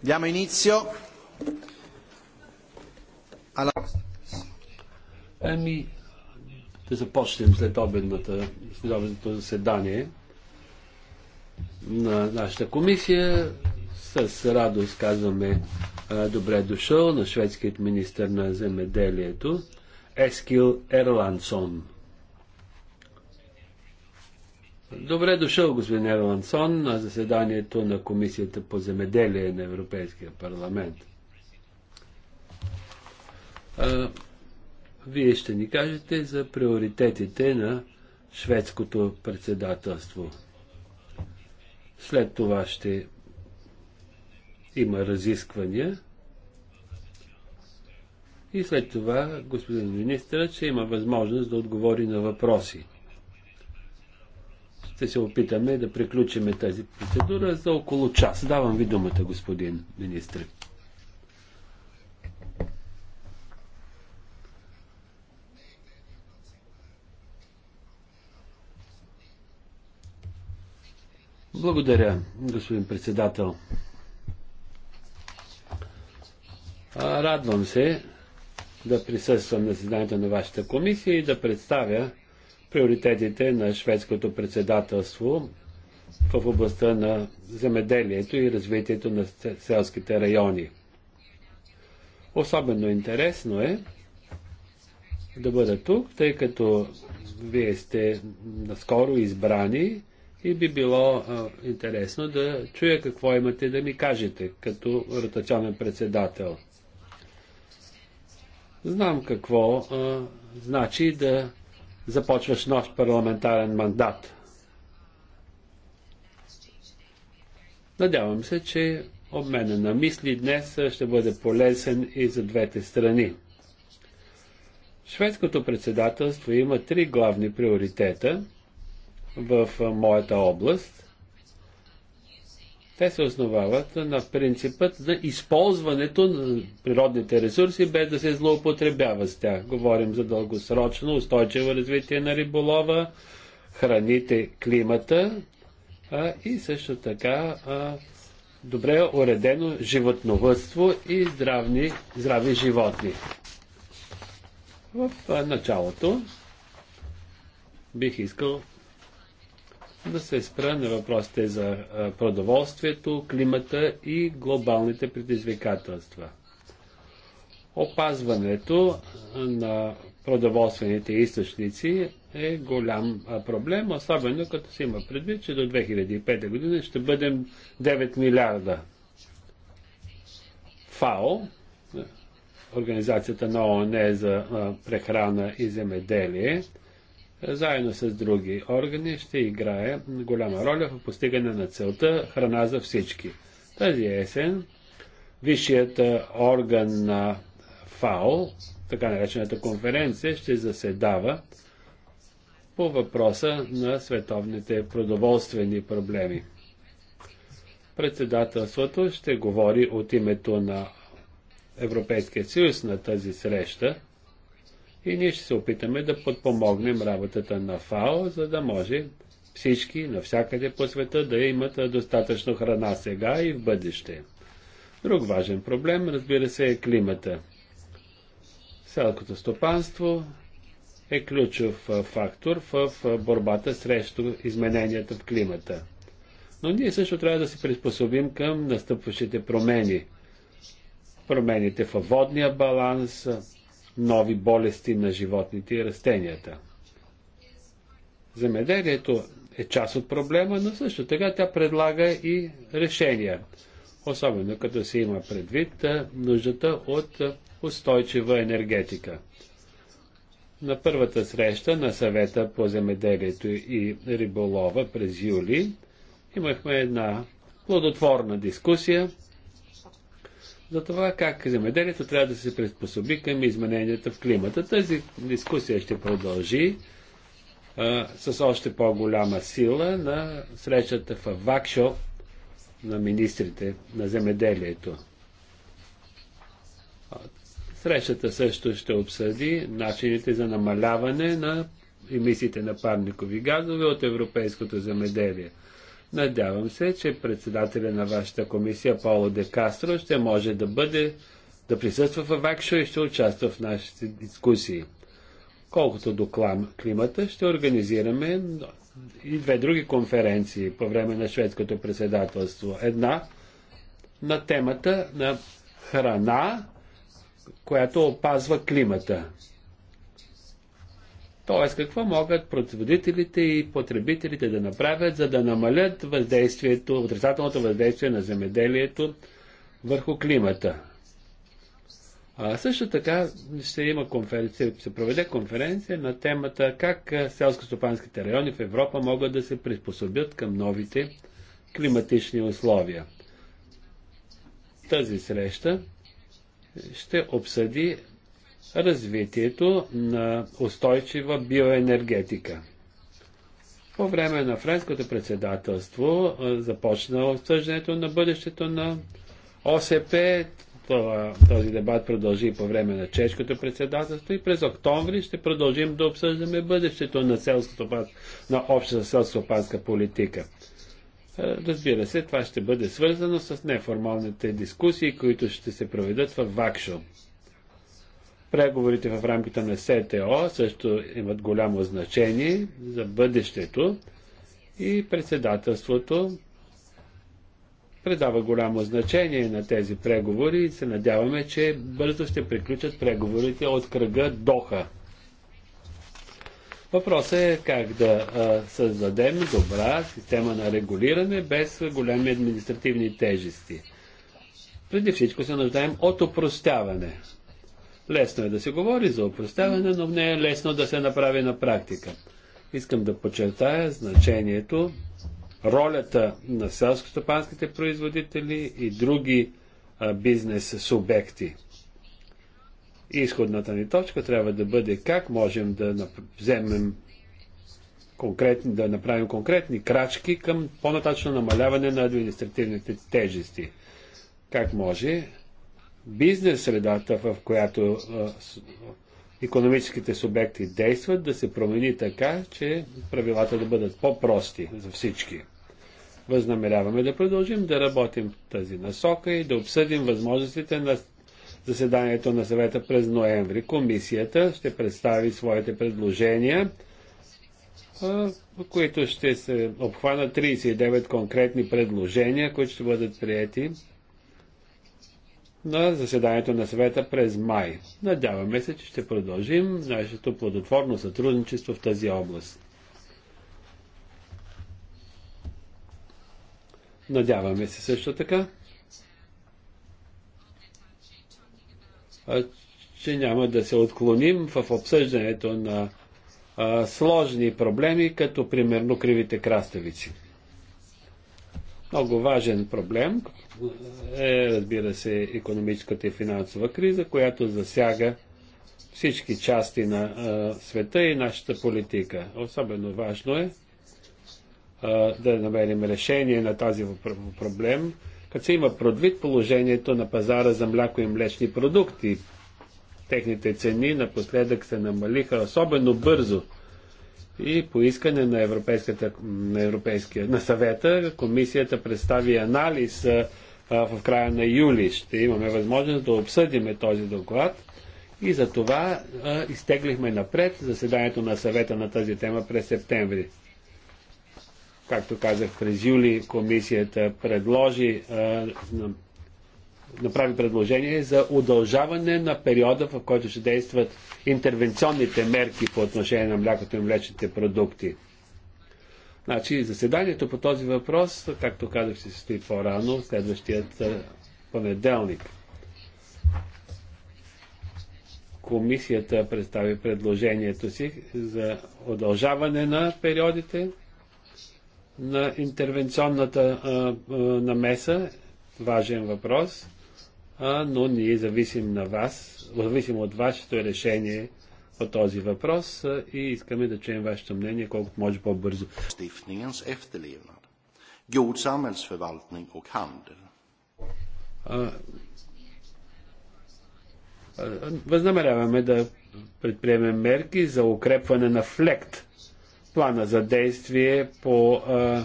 Diamo inizio alla... Ами, да започнем след обедната, след обедното заседание на нашата комисия. С радост казваме добре дошъл на шведският министр на земеделието Ескил Ерлансон. Добре дошъл, господин Ерлансон, на заседанието на Комисията по земеделие на Европейския парламент. А, вие ще ни кажете за приоритетите на шведското председателство. След това ще има разисквания. И след това господин министърът ще има възможност да отговори на въпроси ще се опитаме да приключиме тази процедура за около час. Давам ви думата, господин министр. Благодаря, господин председател. Радвам се да присъствам на заседанието на вашата комисия и да представя приоритетите на шведското председателство в областта на земеделието и развитието на селските райони. Особено интересно е да бъда тук, тъй като вие сте наскоро избрани и би било а, интересно да чуя какво имате да ми кажете като ротационен председател. Знам какво а, значи да започваш нов парламентарен мандат. Надявам се, че обмена на мисли днес ще бъде полезен и за двете страни. Шведското председателство има три главни приоритета в моята област – те се основават на принципът за използването на природните ресурси, без да се злоупотребява с тях. Говорим за дългосрочно устойчиво развитие на риболова, храните, климата а, и също така а, добре уредено животновътство и здравни, здрави животни. В а, началото бих искал да се спра на въпросите за продоволствието, климата и глобалните предизвикателства. Опазването на продоволствените източници е голям проблем, особено като се има предвид, че до 2005 година ще бъдем 9 милиарда. ФАО, Организацията на ООН за прехрана и земеделие, заедно с други органи ще играе голяма роля в постигане на целта храна за всички. Тази есен висшият орган на ФАО, така наречената конференция, ще заседава по въпроса на световните продоволствени проблеми. Председателството ще говори от името на Европейския съюз на тази среща – и ние ще се опитаме да подпомогнем работата на ФАО, за да може всички навсякъде по света да имат достатъчно храна сега и в бъдеще. Друг важен проблем, разбира се, е климата. Селкото стопанство е ключов фактор в борбата срещу измененията в климата. Но ние също трябва да се приспособим към настъпващите промени. Промените в водния баланс, нови болести на животните и растенията. Земеделието е част от проблема, но също така тя предлага и решения. Особено като се има предвид нуждата от устойчива енергетика. На първата среща на съвета по земеделието и риболова през юли имахме една плодотворна дискусия за това как земеделието трябва да се приспособи към измененията в климата. Тази дискусия ще продължи а, с още по-голяма сила на срещата в Вакшо на министрите на земеделието. Срещата също ще обсъди начините за намаляване на емисиите на парникови газове от европейското земеделие. Надявам се, че председателя на вашата комисия Пауло де Кастро ще може да бъде, да присъства в Акшо и ще участва в нашите дискусии. Колкото до климата, ще организираме и две други конференции по време на шведското председателство. Една на темата на храна, която опазва климата. Тоест, какво могат производителите и потребителите да направят, за да намалят въздействието, отрицателното въздействие на земеделието върху климата? А също така ще, има конференция, ще проведе конференция на темата как селско-стопанските райони в Европа могат да се приспособят към новите климатични условия. Тази среща ще обсъди развитието на устойчива биоенергетика. По време на френското председателство започна обсъждането на бъдещето на ОСП. Това, този дебат продължи по време на чешкото председателство и през октомври ще продължим да обсъждаме бъдещето на, на общата селско политика. Разбира се, това ще бъде свързано с неформалните дискусии, които ще се проведат в Вакшо. Преговорите в рамките на СТО също имат голямо значение за бъдещето и председателството предава голямо значение на тези преговори и се надяваме, че бързо ще приключат преговорите от кръга Доха. Въпросът е как да създадем добра система на регулиране без големи административни тежести. Преди всичко се нуждаем от опростяване. Лесно е да се говори за опростяване, но не е лесно да се направи на практика. Искам да подчертая значението, ролята на селско-стопанските производители и други бизнес субекти. Изходната ни точка трябва да бъде как можем да вземем конкретни, да направим конкретни крачки към по натачно намаляване на административните тежести. Как може бизнес средата, в която економическите субекти действат, да се промени така, че правилата да бъдат по-прости за всички. Възнамеряваме да продължим да работим в тази насока и да обсъдим възможностите на заседанието на съвета през ноември. Комисията ще представи своите предложения, които ще се обхванат 39 конкретни предложения, които ще бъдат прияти на заседанието на съвета през май. Надяваме се, че ще продължим нашето плодотворно сътрудничество в тази област. Надяваме се също така, че няма да се отклоним в обсъждането на а, сложни проблеми, като примерно кривите краставици. Много важен проблем, е, разбира се, економическата и финансова криза, която засяга всички части на а, света и нашата политика. Особено важно е а, да намерим решение на тази проблем, като се има продвид положението на пазара за мляко и млечни продукти. Техните цени напоследък се намалиха особено бързо и по искане на, на, Европейския, на съвета комисията представи анализ а, в края на юли ще имаме възможност да обсъдиме този доклад и за това изтеглихме напред заседанието на съвета на тази тема през септември. Както казах, през юли комисията предложи, направи предложение за удължаване на периода, в който ще действат интервенционните мерки по отношение на млякото и млечните продукти. Значи заседанието по този въпрос, както казах, ще се стои по-рано, следващият е, понеделник. Комисията представи предложението си за удължаване на периодите на интервенционната а, е, а, е, намеса. Важен въпрос, а, но ние зависим на вас, зависим от вашето решение по този въпрос и искаме да чуем вашето мнение колкото може по-бързо. God samhällsförvaltning och handel. Възнамеряваме да предприемем мерки за укрепване на флект, плана за действие по а,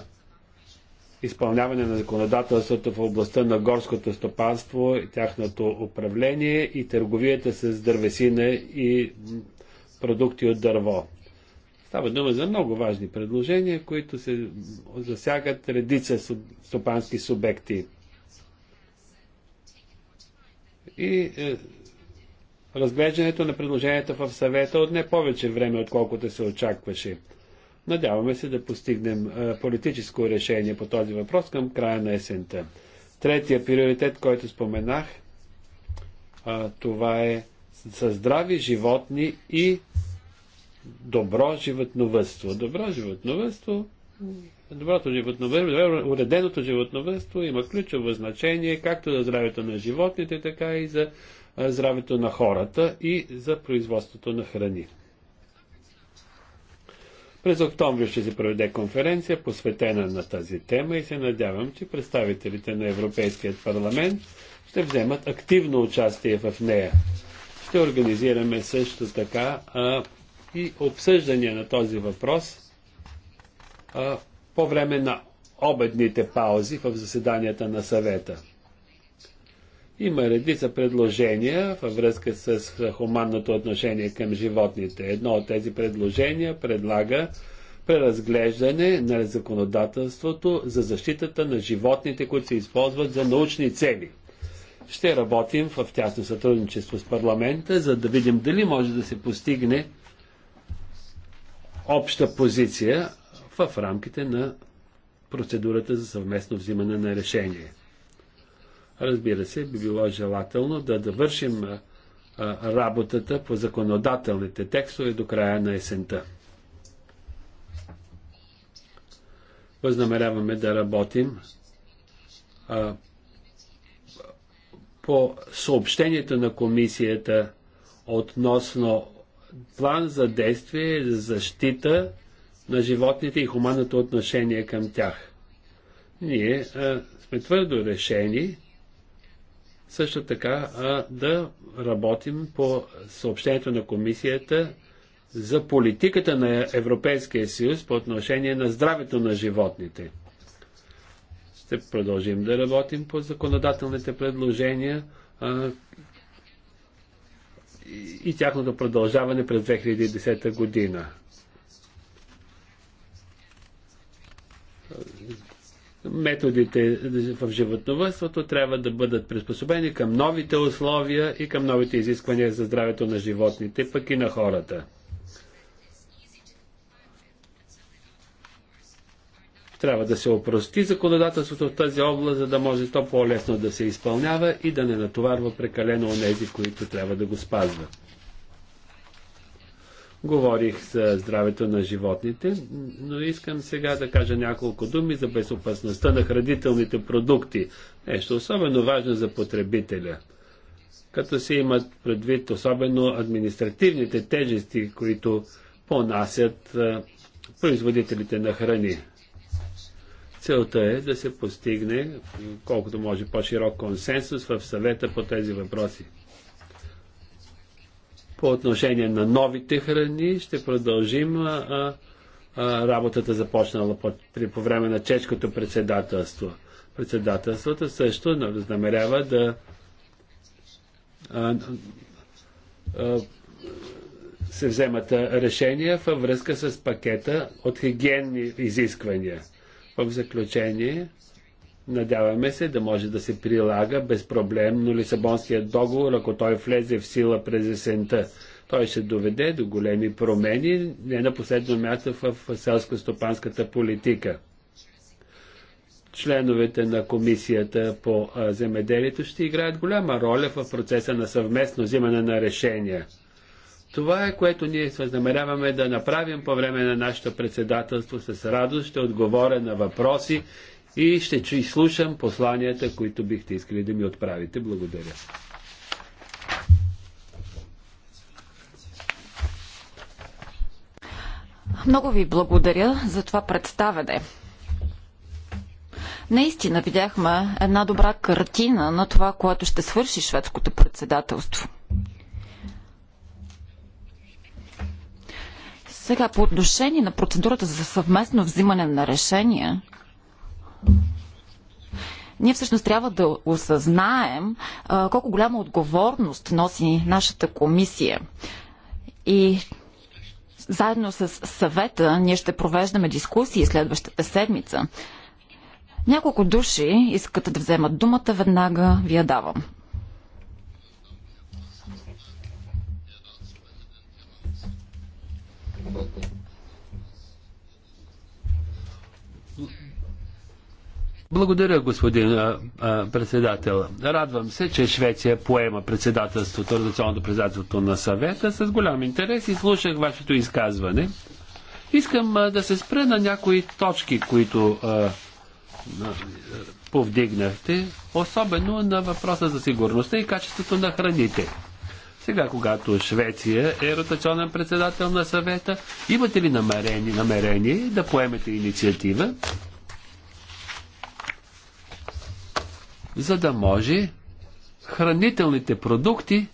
изпълняване на законодателството в областта на горското стопанство, и тяхното управление и търговията с дървесина и продукти от дърво. Става дума за много важни предложения, които се засягат редица стопански субекти. И е, разглеждането на предложенията в съвета от не повече време, отколкото се очакваше. Надяваме се да постигнем е, политическо решение по този въпрос към края на есента. Третия приоритет, който споменах, е, това е за здрави животни и добро животновътство. Добро животновътство, доброто животновътство, уреденото животновътство има ключово значение както за здравето на животните, така и за здравето на хората и за производството на храни. През октомври ще се проведе конференция, посветена на тази тема и се надявам, че представителите на Европейският парламент ще вземат активно участие в нея. Ще организираме също така а, и обсъждане на този въпрос а, по време на обедните паузи в заседанията на съвета. Има редица предложения във връзка с хуманното отношение към животните. Едно от тези предложения предлага преразглеждане на законодателството за защитата на животните, които се използват за научни цели – ще работим в тясно сътрудничество с парламента, за да видим дали може да се постигне обща позиция в рамките на процедурата за съвместно взимане на решение. Разбира се, би било желателно да довършим работата по законодателните текстове до края на есента. Възнамеряваме да работим по съобщението на комисията относно план за действие за защита на животните и хуманното отношение към тях. Ние а, сме твърдо решени също така а, да работим по съобщението на комисията за политиката на Европейския съюз по отношение на здравето на животните. Ще продължим да работим по законодателните предложения а, и, и тяхното продължаване през 2010 година. методите в животновътството трябва да бъдат приспособени към новите условия и към новите изисквания за здравето на животните, пък и на хората. Трябва да се опрости законодателството в тази област, за да може то по-лесно да се изпълнява и да не натоварва прекалено онези, които трябва да го спазват. Говорих за здравето на животните, но искам сега да кажа няколко думи за безопасността на хранителните продукти. Нещо особено важно за потребителя. Като се имат предвид особено административните тежести, които понасят производителите на храни. Целта е да се постигне колкото може по-широк консенсус в съвета по тези въпроси. По отношение на новите храни ще продължим а, а, работата започнала по, при, по време на чешкото председателство. Председателството също намерява да а, а, се вземат решения във връзка с пакета от хигиенни изисквания. В заключение, надяваме се да може да се прилага безпроблемно Лисабонският договор, ако той влезе в сила през есента. Той ще доведе до големи промени, не на последно място в селско-стопанската политика. Членовете на комисията по земеделието ще играят голяма роля в процеса на съвместно взимане на решения. Това е което ние възнамеряваме да направим по време на нашето председателство. С радост ще отговоря на въпроси и ще чу и слушам посланията, които бихте искали да ми отправите. Благодаря. Много ви благодаря за това представене. Наистина видяхме една добра картина на това, което ще свърши шведското председателство. Сега по отношение на процедурата за съвместно взимане на решения, ние всъщност трябва да осъзнаем а, колко голяма отговорност носи нашата комисия. И заедно с съвета ние ще провеждаме дискусии следващата седмица. Няколко души искат да вземат думата, веднага ви я давам. Благодаря, господин а, а, председател. Радвам се, че Швеция поема председателството, традиционното председателство на съвета с голям интерес и слушах вашето изказване. Искам а, да се спра на някои точки, които а, а, повдигнахте, особено на въпроса за сигурността и качеството на храните. Сега, когато Швеция е ротационен председател на съвета, имате ли намерение, намерение да поемете инициатива, за да може хранителните продукти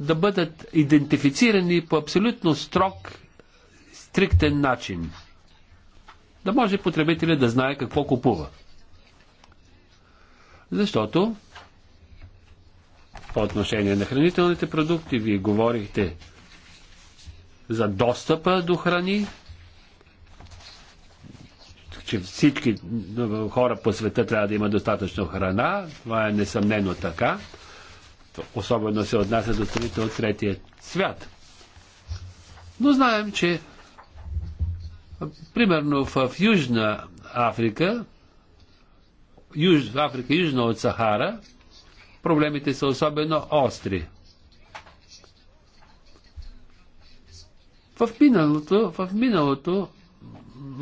да бъдат идентифицирани по абсолютно строг, стриктен начин. Да може потребителя да знае какво купува. Защото по отношение на хранителните продукти, вие говорихте за достъпа до храни, че всички хора по света трябва да имат достатъчно храна. Това е несъмнено така. Особено се отнася до страните от третия свят. Но знаем, че примерно в Южна Африка, Юж, Африка южна от Сахара, проблемите са особено остри. В миналото, в миналото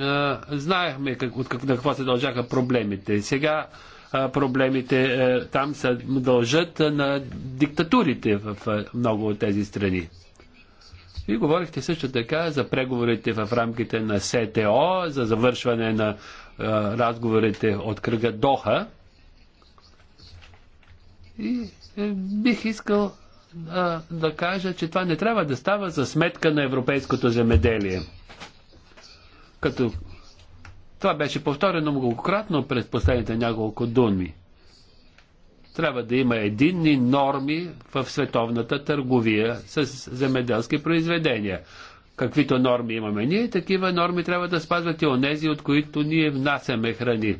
а, знаехме как, от как, на какво се дължаха проблемите. Сега а, проблемите а, там се дължат а, на диктатурите в а, много от тези страни. Вие говорихте също така за преговорите в рамките на СТО, за завършване на а, разговорите от кръга Доха. И е, бих искал а, да кажа, че това не трябва да става за сметка на европейското земеделие. Като това беше повторено многократно през последните няколко думи. Трябва да има единни норми в световната търговия с земеделски произведения. Каквито норми имаме ние, такива норми трябва да спазват и онези, от които ние внасяме храни.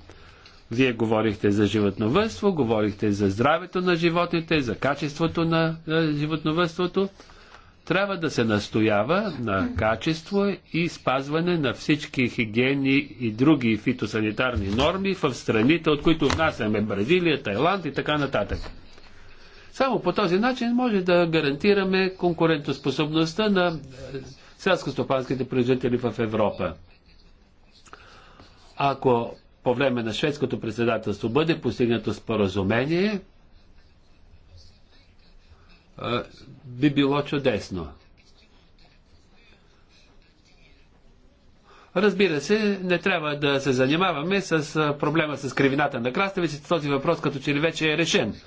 Вие говорихте за животновътство, говорихте за здравето на животните, за качеството на, животновътството. Трябва да се настоява на качество и спазване на всички хигиени и други фитосанитарни норми в страните, от които внасяме Бразилия, Тайланд и така нататък. Само по този начин може да гарантираме конкурентоспособността на е, селскостопанските производители в Европа. Ако по време на шведското председателство бъде постигнато споразумение, би било чудесно. Разбира се, не трябва да се занимаваме с проблема с кривината на краставиците. Този въпрос като че ли вече е решен.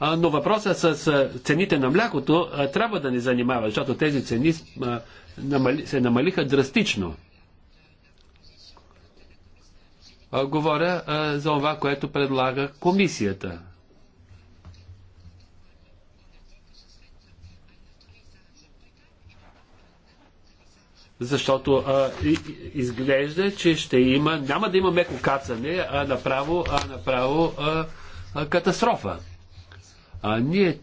Но въпросът с цените на млякото трябва да ни занимава, защото тези цени се намалиха драстично. Говоря за това, което предлага комисията. защото а, изглежда, че ще има, няма да има меко кацане, а направо, а направо а, а, катастрофа. А ние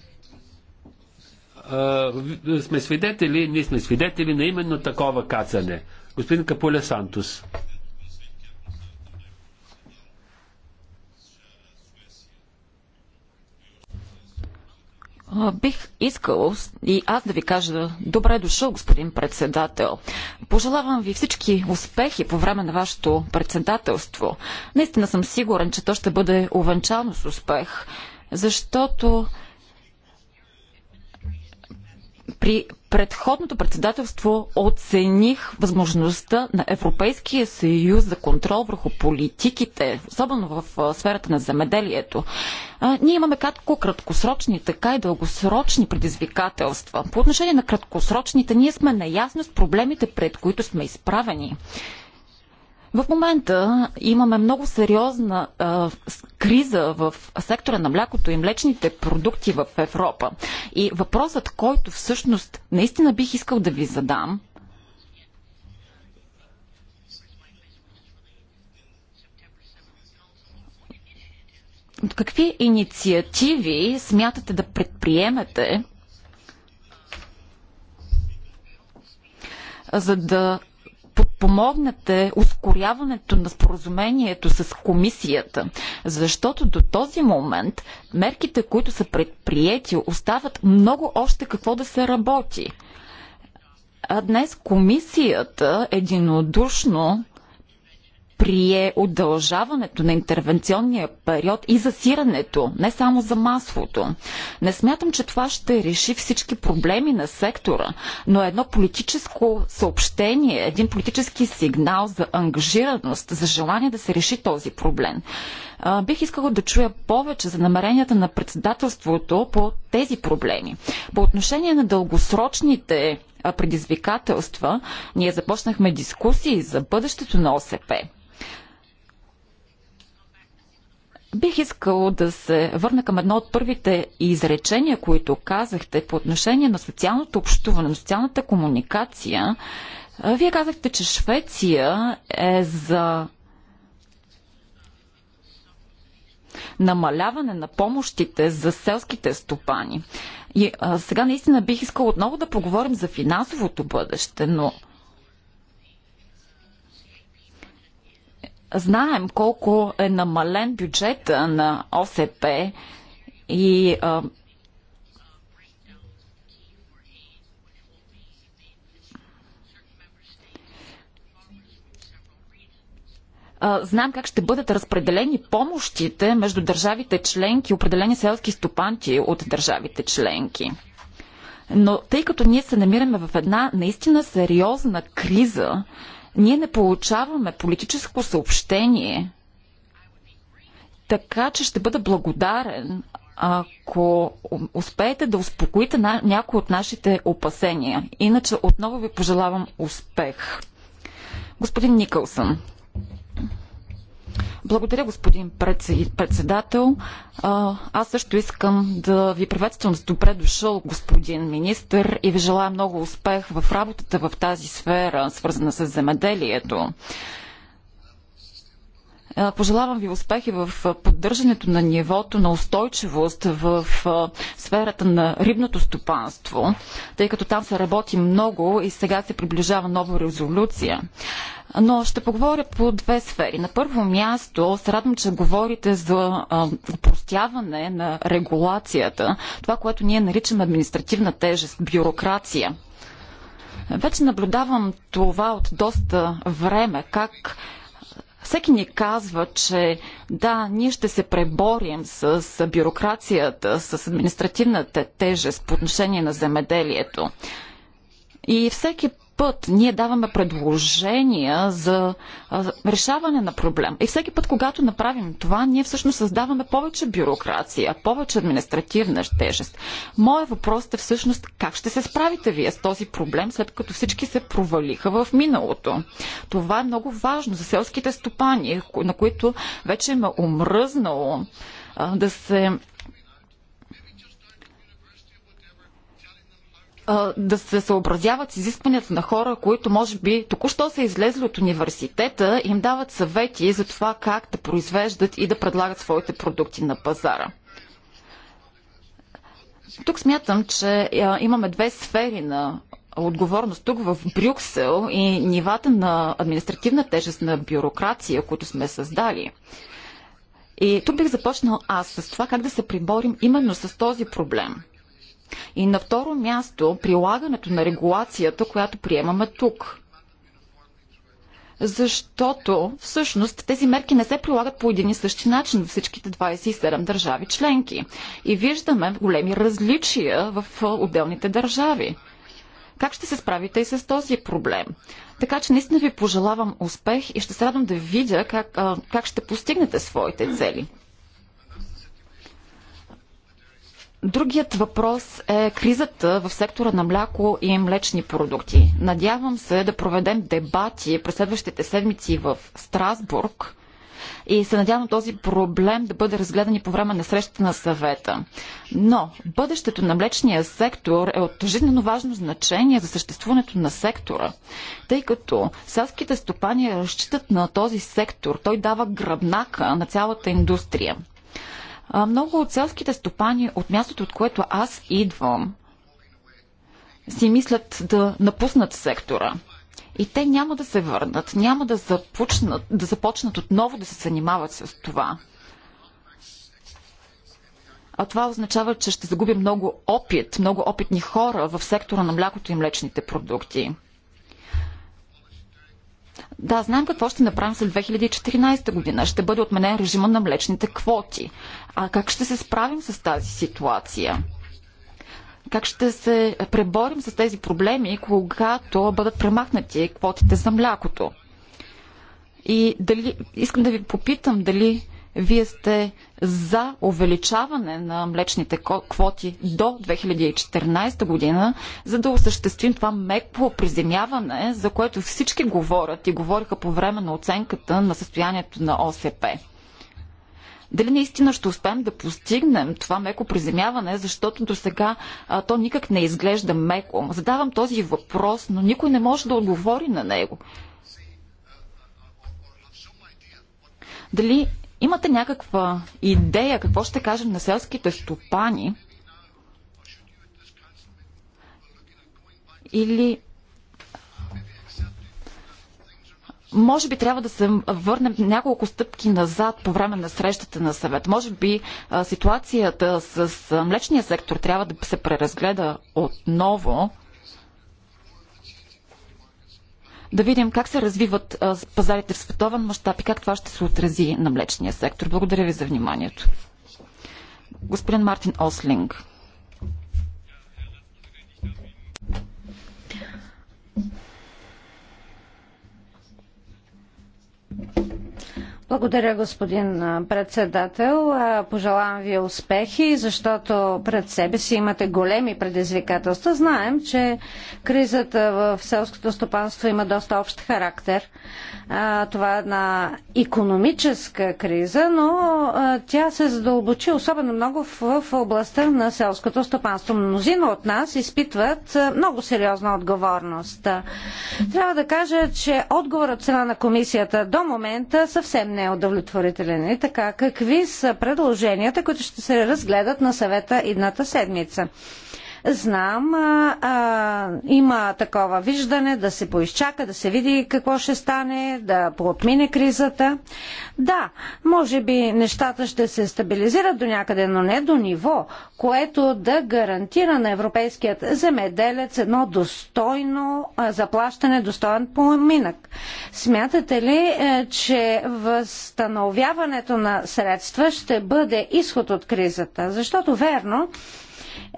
а, сме свидетели, ние сме свидетели на именно такова кацане. Господин Капуля Сантус. Бих искал и аз да ви кажа добре дошъл, господин председател. Пожелавам ви всички успехи по време на вашето председателство. Наистина съм сигурен, че то ще бъде увенчано с успех, защото при предходното председателство оцених възможността на Европейския съюз за контрол върху политиките, особено в сферата на земеделието. А, ние имаме както краткосрочни, така и дългосрочни предизвикателства. По отношение на краткосрочните, ние сме наясно с проблемите, пред които сме изправени. В момента имаме много сериозна а, криза в сектора на млякото и млечните продукти в Европа. И въпросът, който всъщност наистина бих искал да ви задам, какви инициативи смятате да предприемете, за да подпомогнете ускоряването на споразумението с комисията, защото до този момент мерките, които са предприяти, остават много още какво да се работи. А днес комисията единодушно прие удължаването на интервенционния период и засирането, не само за маслото. Не смятам, че това ще реши всички проблеми на сектора, но едно политическо съобщение, един политически сигнал за ангажираност, за желание да се реши този проблем. Бих искала да чуя повече за намеренията на председателството по тези проблеми. По отношение на дългосрочните предизвикателства, ние започнахме дискусии за бъдещето на ОСП. Бих искал да се върна към едно от първите изречения, които казахте по отношение на социалното общуване, на социалната комуникация. Вие казахте, че Швеция е за намаляване на помощите за селските стопани. И а, сега наистина бих искал отново да поговорим за финансовото бъдеще, но Знаем колко е намален бюджета на ОСП и а, знаем как ще бъдат разпределени помощите между държавите членки, определени селски стопанти от държавите членки. Но тъй като ние се намираме в една наистина сериозна криза, ние не получаваме политическо съобщение, така че ще бъда благодарен, ако успеете да успокоите на някои от нашите опасения. Иначе отново ви пожелавам успех. Господин Никълсън. Благодаря, господин председател. Аз също искам да ви приветствам с добре дошъл, господин министр, и ви желая много успех в работата в тази сфера, свързана с земеделието. Е, пожелавам ви успехи в е, поддържането на нивото на устойчивост в е, сферата на рибното стопанство, тъй като там се работи много и сега се приближава нова резолюция. Но ще поговоря по две сфери. На първо място, се радвам, че говорите за упростяване на регулацията, това, което ние наричаме административна тежест, бюрокрация. Вече наблюдавам това от доста време, как всеки ни казва, че да, ние ще се преборим с бюрокрацията, с административната тежест по отношение на земеделието. И всеки път ние даваме предложения за решаване на проблем. И всеки път, когато направим това, ние всъщност създаваме повече бюрокрация, повече административна тежест. Моят въпрос е всъщност как ще се справите вие с този проблем, след като всички се провалиха в миналото. Това е много важно за селските стопани, на които вече има е омръзнало да се да се съобразяват с изискванията на хора, които може би току-що са излезли от университета и им дават съвети за това как да произвеждат и да предлагат своите продукти на пазара. Тук смятам, че имаме две сфери на отговорност тук в Брюксел и нивата на административна тежест на бюрокрация, които сме създали. И тук бих започнал аз с това как да се приборим именно с този проблем – и на второ място, прилагането на регулацията, която приемаме тук. Защото всъщност тези мерки не се прилагат по един и същи начин във всичките 27 държави членки. И виждаме големи различия в отделните държави. Как ще се справите и с този проблем? Така че наистина ви пожелавам успех и ще се радвам да видя как, как ще постигнете своите цели. Другият въпрос е кризата в сектора на мляко и млечни продукти. Надявам се да проведем дебати през следващите седмици в Страсбург и се надявам този проблем да бъде разгледан и по време на срещата на съвета. Но бъдещето на млечния сектор е от жизненно важно значение за съществуването на сектора, тъй като селските стопани разчитат на този сектор. Той дава гръбнака на цялата индустрия много от селските стопани от мястото, от което аз идвам, си мислят да напуснат сектора. И те няма да се върнат, няма да започнат, да започнат отново да се занимават с това. А това означава, че ще загуби много опит, много опитни хора в сектора на млякото и млечните продукти. Да, знаем какво ще направим след 2014 година. Ще бъде отменен режима на млечните квоти. А как ще се справим с тази ситуация? Как ще се преборим с тези проблеми, когато бъдат премахнати квотите за млякото? И дали, искам да ви попитам дали вие сте за увеличаване на млечните квоти до 2014 година, за да осъществим това меко приземяване, за което всички говорят и говориха по време на оценката на състоянието на ОСП. Дали наистина ще успеем да постигнем това меко приземяване, защото до сега а, то никак не изглежда меко. Задавам този въпрос, но никой не може да отговори на него. Дали имате някаква идея какво ще кажем на селските стопани? Или може би трябва да се върнем няколко стъпки назад по време на срещата на съвет. Може би ситуацията с млечния сектор трябва да се преразгледа отново. Да видим как се развиват пазарите в световен мащаб и как това ще се отрази на млечния сектор. Благодаря ви за вниманието. Господин Мартин Ослинг. Благодаря, господин председател. Пожелавам ви успехи, защото пред себе си имате големи предизвикателства. Знаем, че кризата в селското стопанство има доста общ характер. Това е една економическа криза, но тя се задълбочи особено много в областта на селското стопанство. Мнозина от нас изпитват много сериозна отговорност. Трябва да кажа, че отговорът от цена на комисията до момента съвсем не е удовлетворителен. И така, какви са предложенията, които ще се разгледат на съвета едната седмица? Знам, а, а, има такова виждане да се поизчака, да се види какво ще стане, да поотмине кризата. Да, може би нещата ще се стабилизират до някъде, но не до ниво, което да гарантира на европейският земеделец едно достойно а, заплащане, достоен поминък. Смятате ли, а, е, че възстановяването на средства ще бъде изход от кризата? Защото верно,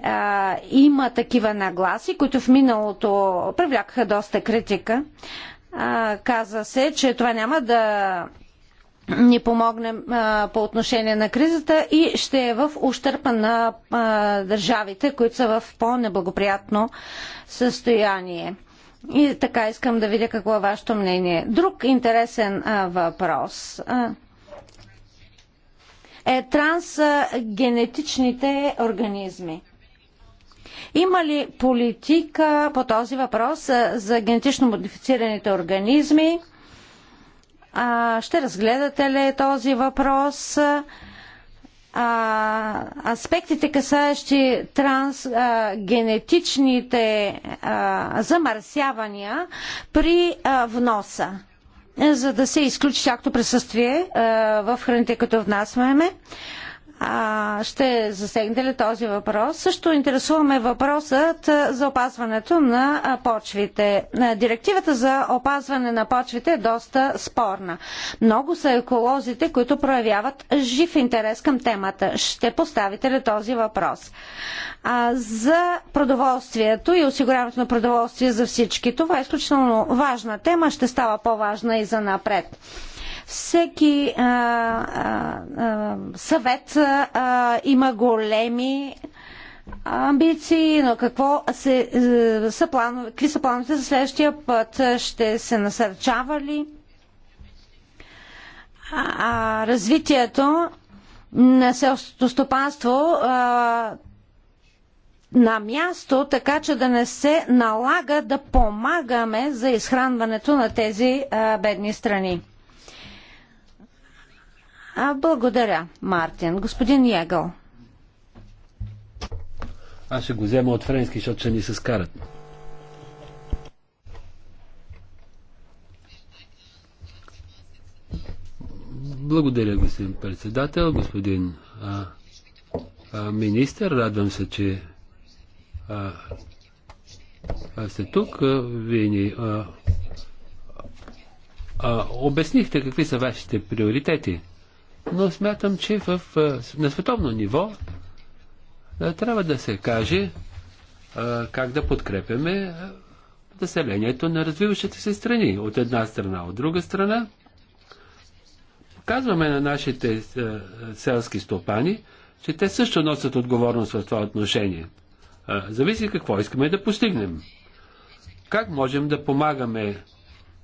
а, има такива нагласи, които в миналото привлякаха доста критика. А, каза се, че това няма да ни помогне а, по отношение на кризата и ще е в ущърпа на а, държавите, които са в по-неблагоприятно състояние. И така искам да видя какво е вашето мнение. Друг интересен а, въпрос. А, е трансгенетичните организми. Има ли политика по този въпрос за генетично модифицираните организми? ще разгледате ли този въпрос? а, аспектите, касаещи трансгенетичните замърсявания при а, вноса за да се изключи тяхното присъствие в храните, които внасяме. А, ще засегнете ли този въпрос? Също интересуваме въпросът за опазването на почвите. Директивата за опазване на почвите е доста спорна. Много са еколозите, които проявяват жив интерес към темата. Ще поставите ли този въпрос? А, за продоволствието и осигуряването на продоволствие за всички. Това е изключително важна тема. Ще става по-важна и за напред. Всеки а, а, съвет а, има големи амбиции, но какво се, е, са планове, какви са плановете за следващия път? Ще се насърчава ли а, развитието на селското стопанство а, на място, така че да не се налага да помагаме за изхранването на тези а, бедни страни? Благодаря, Мартин. Господин Ягъл. Аз ще го взема от френски, защото ще ни се скарат. Благодаря, господин председател, господин а, а, министр. Радвам се, че а, а сте тук. Вие ни а, а, обяснихте какви са вашите приоритети но смятам, че в, на световно ниво трябва да се каже как да подкрепяме населението на развиващите се страни. От една страна, от друга страна, казваме на нашите селски стопани, че те също носят отговорност в това отношение. Зависи какво искаме да постигнем. Как можем да помагаме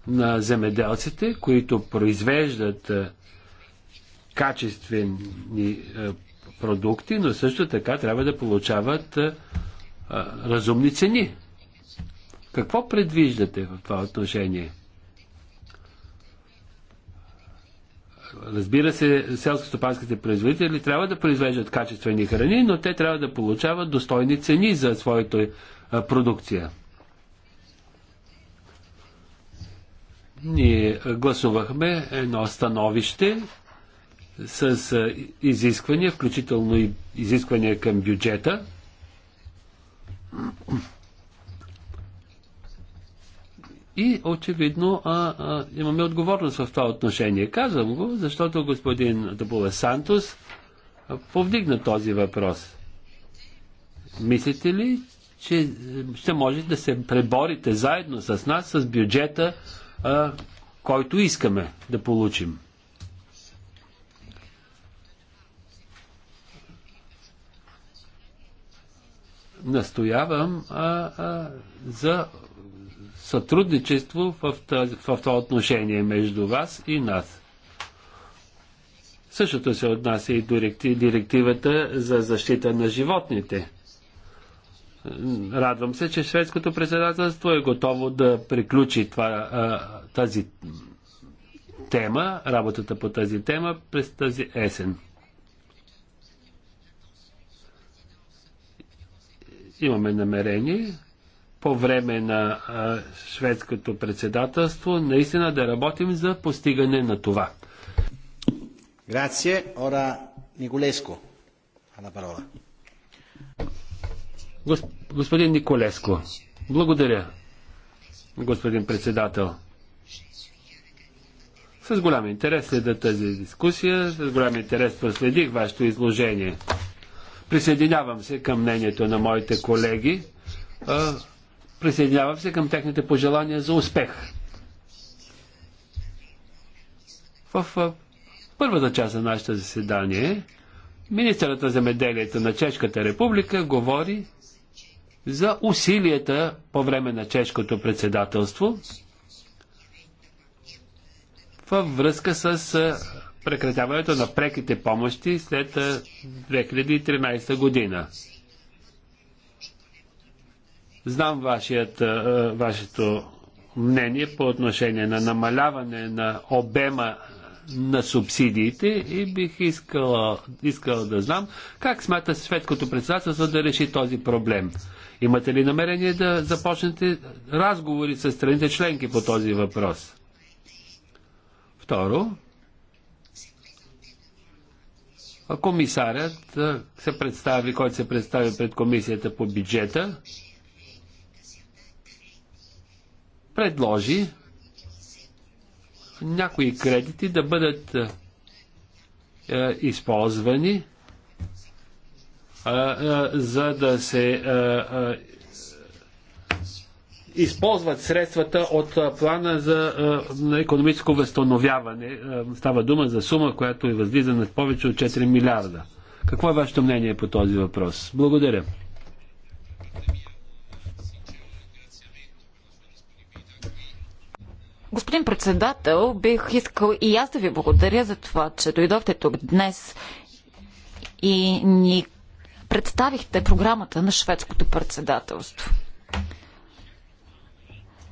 на земеделците, които произвеждат качествени е, продукти, но също така трябва да получават е, е, разумни цени. Какво предвиждате в това отношение? Разбира се, селско-стопанските производители трябва да произвеждат качествени храни, но те трябва да получават достойни цени за своята продукция. Ние гласувахме едно становище, с изисквания, включително и изисквания към бюджета. И очевидно а, а, имаме отговорност в това отношение. Казвам го, защото господин Дабула Сантос повдигна този въпрос. Мислите ли, че ще може да се преборите заедно с нас, с бюджета, а, който искаме да получим? настоявам а, а, за сътрудничество в, тази, в това отношение между вас и нас. Същото се отнася и до директивата за защита на животните. Радвам се, че шведското председателство е готово да приключи това, тази тема, работата по тази тема през тази есен. имаме намерение по време на а, шведското председателство наистина да работим за постигане на това. Грация. Ора Николеско. Ана парола. Господин Николеско, благодаря, господин председател. С голям интерес следа тази дискусия, с голям интерес проследих вашето изложение. Присъединявам се към мнението на моите колеги. Присъединявам се към техните пожелания за успех. В първата част на нашето заседание министърът на земеделието на Чешката република говори за усилията по време на чешкото председателство във връзка с прекратяването на преките помощи след 2013 година. Знам вашият, вашето мнение по отношение на намаляване на обема на субсидиите и бих искала, искал да знам как смята светското председателство да реши този проблем. Имате ли намерение да започнете разговори с страните членки по този въпрос? Второ, комисарят се представи, който се представи пред комисията по бюджета, предложи някои кредити да бъдат е, използвани е, е, за да се използват средствата от плана за економическо възстановяване. Става дума за сума, която е възлиза на повече от 4 милиарда. Какво е вашето мнение по този въпрос? Благодаря. Господин председател, бих искал и аз да ви благодаря за това, че дойдохте тук днес и ни представихте програмата на шведското председателство.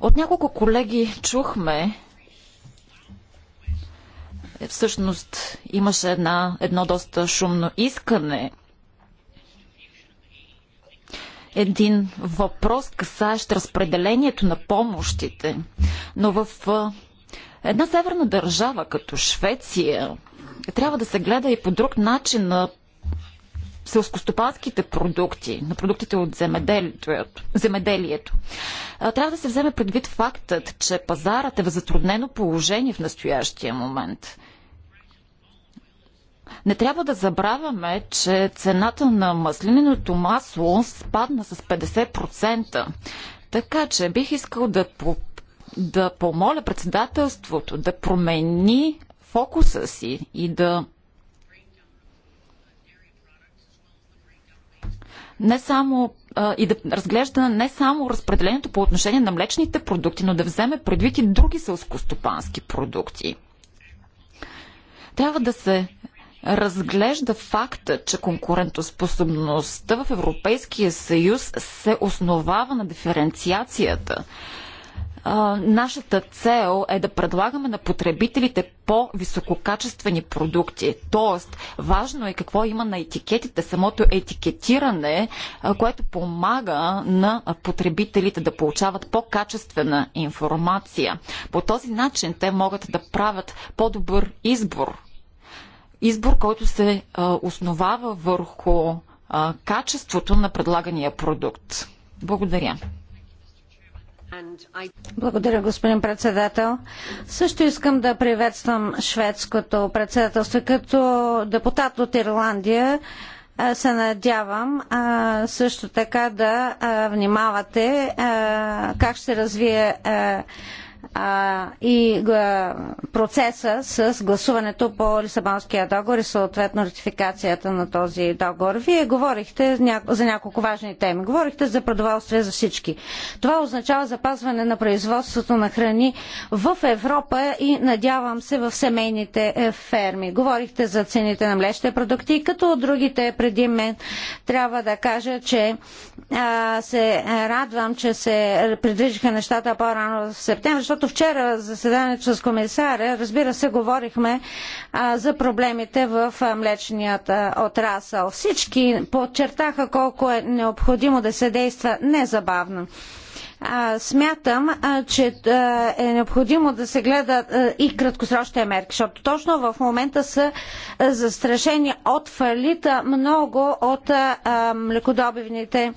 От няколко колеги чухме, е, всъщност имаше една, едно доста шумно искане един въпрос, касаещ разпределението на помощите. Но в една северна държава, като Швеция, трябва да се гледа и по друг начин на селскостопанските продукти, на продуктите от земеделието. Трябва да се вземе предвид фактът, че пазарът е в затруднено положение в настоящия момент. Не трябва да забравяме, че цената на маслиненото масло спадна с 50%. Така че бих искал да, по, да помоля председателството да промени фокуса си и да не само и да разглежда не само разпределението по отношение на млечните продукти, но да вземе предвид и други селскостопански продукти. Трябва да се разглежда факта, че конкурентоспособността в Европейския съюз се основава на диференциацията нашата цел е да предлагаме на потребителите по-висококачествени продукти. Тоест, важно е какво има на етикетите, самото етикетиране, което помага на потребителите да получават по-качествена информация. По този начин те могат да правят по-добър избор. Избор, който се основава върху качеството на предлагания продукт. Благодаря. Благодаря, господин председател. Също искам да приветствам шведското председателство. Като депутат от Ирландия се надявам също така да внимавате как ще развие а, и а, процеса с гласуването по Лисабонския договор и съответно ратификацията на този договор. Вие говорихте за няколко важни теми. Говорихте за продоволствие за всички. Това означава запазване на производството на храни в Европа и надявам се в семейните е, ферми. Говорихте за цените на млечните продукти, като от другите преди мен трябва да кажа, че а, се е, радвам, че се е, предвижиха нещата по-рано в септември, защото вчера заседанието с комисаря, разбира се, говорихме а, за проблемите в млечния млечният отрасъл. Всички подчертаха колко е необходимо да се действа незабавно смятам, че е необходимо да се гледат и краткосрочните мерки, защото точно в момента са застрашени от фалита много от млекодобивните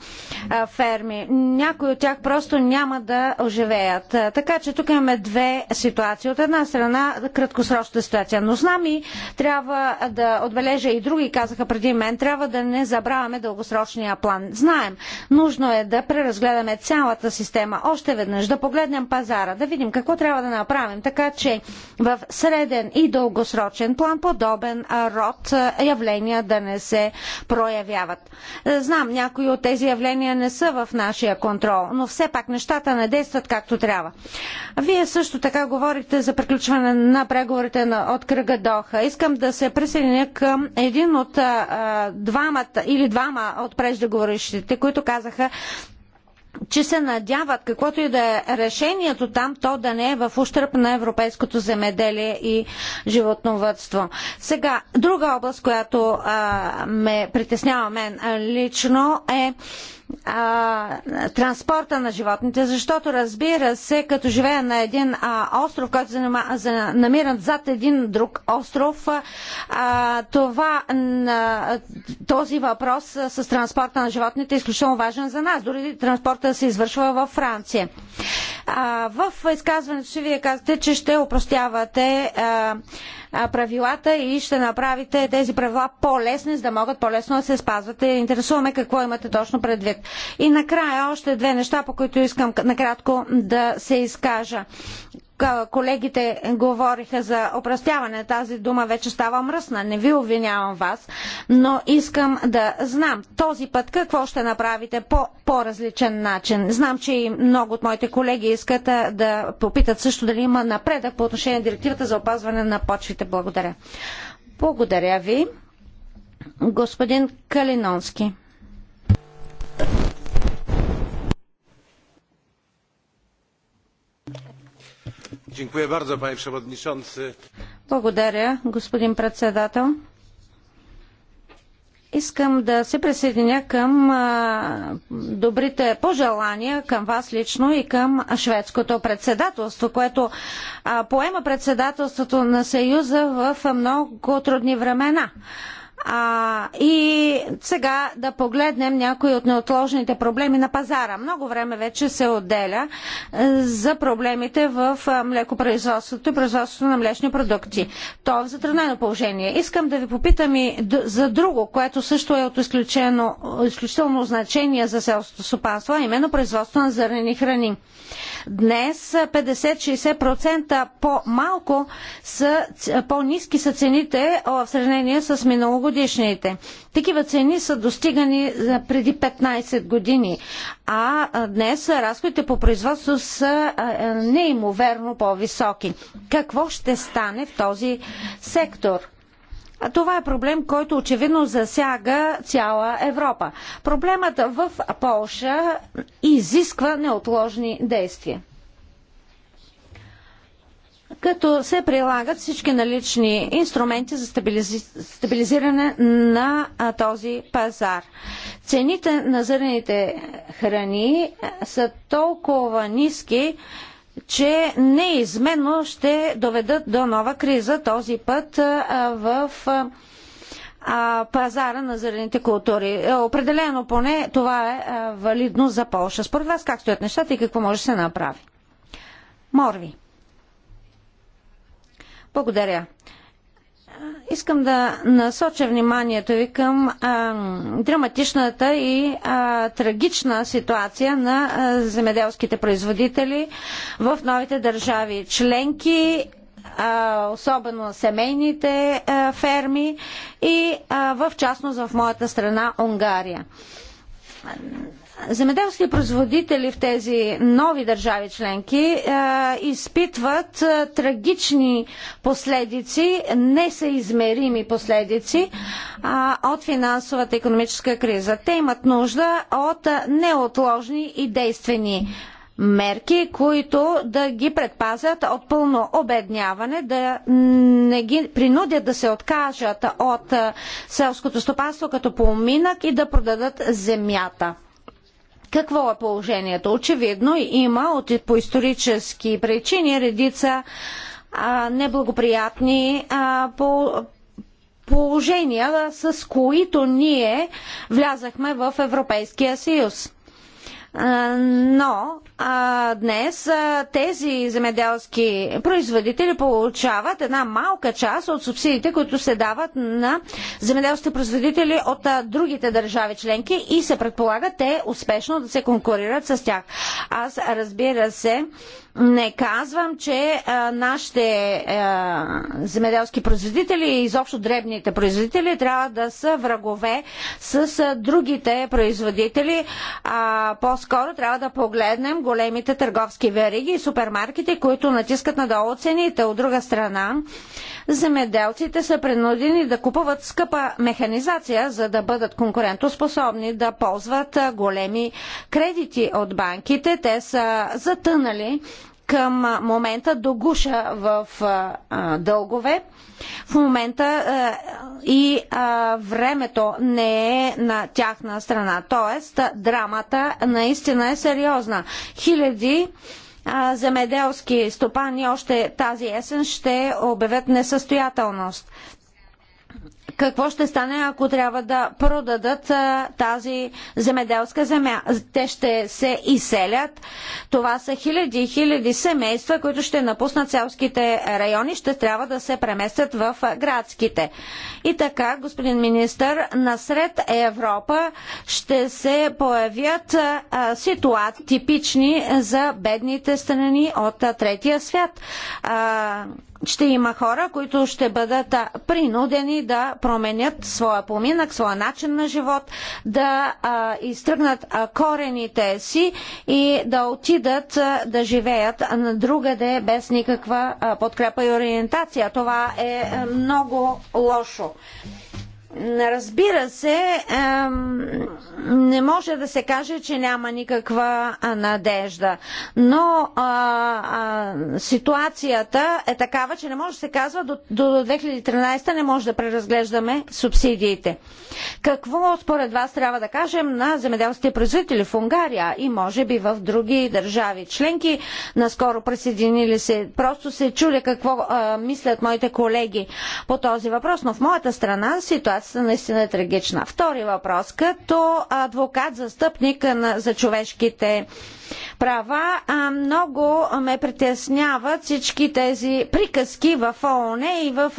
ферми. Някои от тях просто няма да оживеят. Така че тук имаме две ситуации. От една страна краткосрочна ситуация, но с нами трябва да отбележа и други, казаха преди мен, трябва да не забравяме дългосрочния план. Знаем, нужно е да преразгледаме цялата система система. Още веднъж да погледнем пазара, да видим какво трябва да направим, така че в среден и дългосрочен план подобен род явления да не се проявяват. Е, знам, някои от тези явления не са в нашия контрол, но все пак нещата не действат както трябва. Вие също така говорите за приключване на преговорите на, от кръга Доха. Искам да се присъединя към един от а, двамата или двама от преждеговорившите, които казаха, че се надяват, каквото и да е решението там, то да не е в ущърп на европейското земеделие и животновътство. Сега, друга област, която а, ме притеснява мен лично е а, а, транспорта на животните, защото разбира се, като живея на един а, остров, който се намира зад един друг остров, а, това, този въпрос а, с транспорта на животните е изключително важен за нас. Дори транспорта се извършва във Франция. А, в изказването си вие казвате, че ще упростявате а, правилата и ще направите тези правила по-лесни, за да могат по-лесно да се спазват. И интересуваме какво имате точно предвид. И накрая още две неща, по които искам накратко да се изкажа колегите говориха за опростяване. Тази дума вече става мръсна. Не ви обвинявам вас, но искам да знам този път какво ще направите по по-различен начин. Знам, че и много от моите колеги искат да попитат също дали има напредък по отношение на директивата за опазване на почвите. Благодаря. Благодаря ви. Господин Калиновски. Благодаря, господин председател. Искам да се присъединя към добрите пожелания към вас лично и към шведското председателство, което поема председателството на Съюза в много трудни времена. А, и сега да погледнем някои от неотложните проблеми на пазара. Много време вече се отделя е, за проблемите в млекопроизводството и производството на млечни продукти. То е в затруднено положение. Искам да ви попитам и за друго, което също е от изключително значение за селското стопанство, а именно производство на зърнени храни. Днес 50-60% по-малко са, по-низки са цените в сравнение с миналото целогодишните. Такива цени са достигани преди 15 години, а днес разходите по производство са неимоверно по-високи. Какво ще стане в този сектор? Това е проблем, който очевидно засяга цяла Европа. Проблемът в Полша изисква неотложни действия като се прилагат всички налични инструменти за стабилизиране на този пазар. Цените на зърнените храни са толкова ниски, че неизменно ще доведат до нова криза този път в пазара на зърнените култури. Е, определено поне това е валидно за Полша. Според вас как стоят нещата и какво може да се направи? Морви. Благодаря. Искам да насоча вниманието ви към а, драматичната и а, трагична ситуация на а, земеделските производители в новите държави членки, а, особено семейните а, ферми и а, в частност в моята страна Унгария Земеделски производители в тези нови държави членки е, изпитват е, трагични последици, несъизмерими последици е, от финансовата економическа криза. Те имат нужда от е, неотложни и действени мерки, които да ги предпазят от пълно обедняване, да не ги принудят да се откажат от е, селското стопанство като поминък и да продадат земята. Какво е положението? Очевидно има от, по исторически причини редица а, неблагоприятни а, по, положения, с които ние влязахме в Европейския съюз. Но а, днес а, тези земеделски производители получават една малка част от субсидиите, които се дават на земеделските производители от а, другите държави членки и се предполага те успешно да се конкурират с тях. Аз разбира се, не казвам, че а, нашите а, земеделски производители и изобщо дребните производители трябва да са врагове с а, другите производители. А, по-скоро трябва да погледнем големите търговски вериги и супермаркети, които натискат надолу цените. От друга страна, земеделците са принудени да купуват скъпа механизация, за да бъдат конкурентоспособни, да ползват големи кредити от банките. Те са затънали към момента до гуша в а, дългове. В момента а, и а, времето не е на тяхна страна. Тоест, драмата наистина е сериозна. Хиляди а, земеделски стопани още тази есен ще обявят несъстоятелност какво ще стане, ако трябва да продадат тази земеделска земя. Те ще се изселят. Това са хиляди и хиляди семейства, които ще напуснат селските райони, ще трябва да се преместят в градските. И така, господин министър, насред Европа ще се появят ситуации типични за бедните страни от третия свят ще има хора, които ще бъдат принудени да променят своя поминък, своя начин на живот, да а, изтръгнат а, корените си и да отидат а, да живеят на другаде без никаква а, подкрепа и ориентация. Това е много лошо. Разбира се, не може да се каже, че няма никаква надежда, но ситуацията е такава, че не може да се казва до 2013 не може да преразглеждаме субсидиите. Какво според вас трябва да кажем на земеделските производители в Унгария и може би в други държави членки, наскоро присъединили се? Просто се чуля какво мислят моите колеги по този въпрос, но в моята страна ситуация ситуацията наистина е трагична. Втори въпрос. Като адвокат, застъпник за човешките права, много ме притесняват всички тези приказки в ООН и в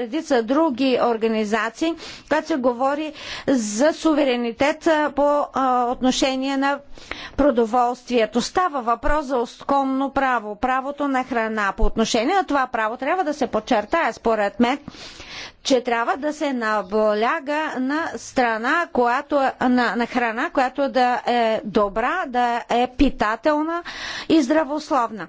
редица други организации, когато се говори за суверенитет по отношение на продоволствието. Става въпрос за оскомно право, правото на храна. По отношение на това право трябва да се подчертая, според мен, че трябва да се набляга на страна, която, е- на, на храна, която да е добра, да е питателна и здравословна.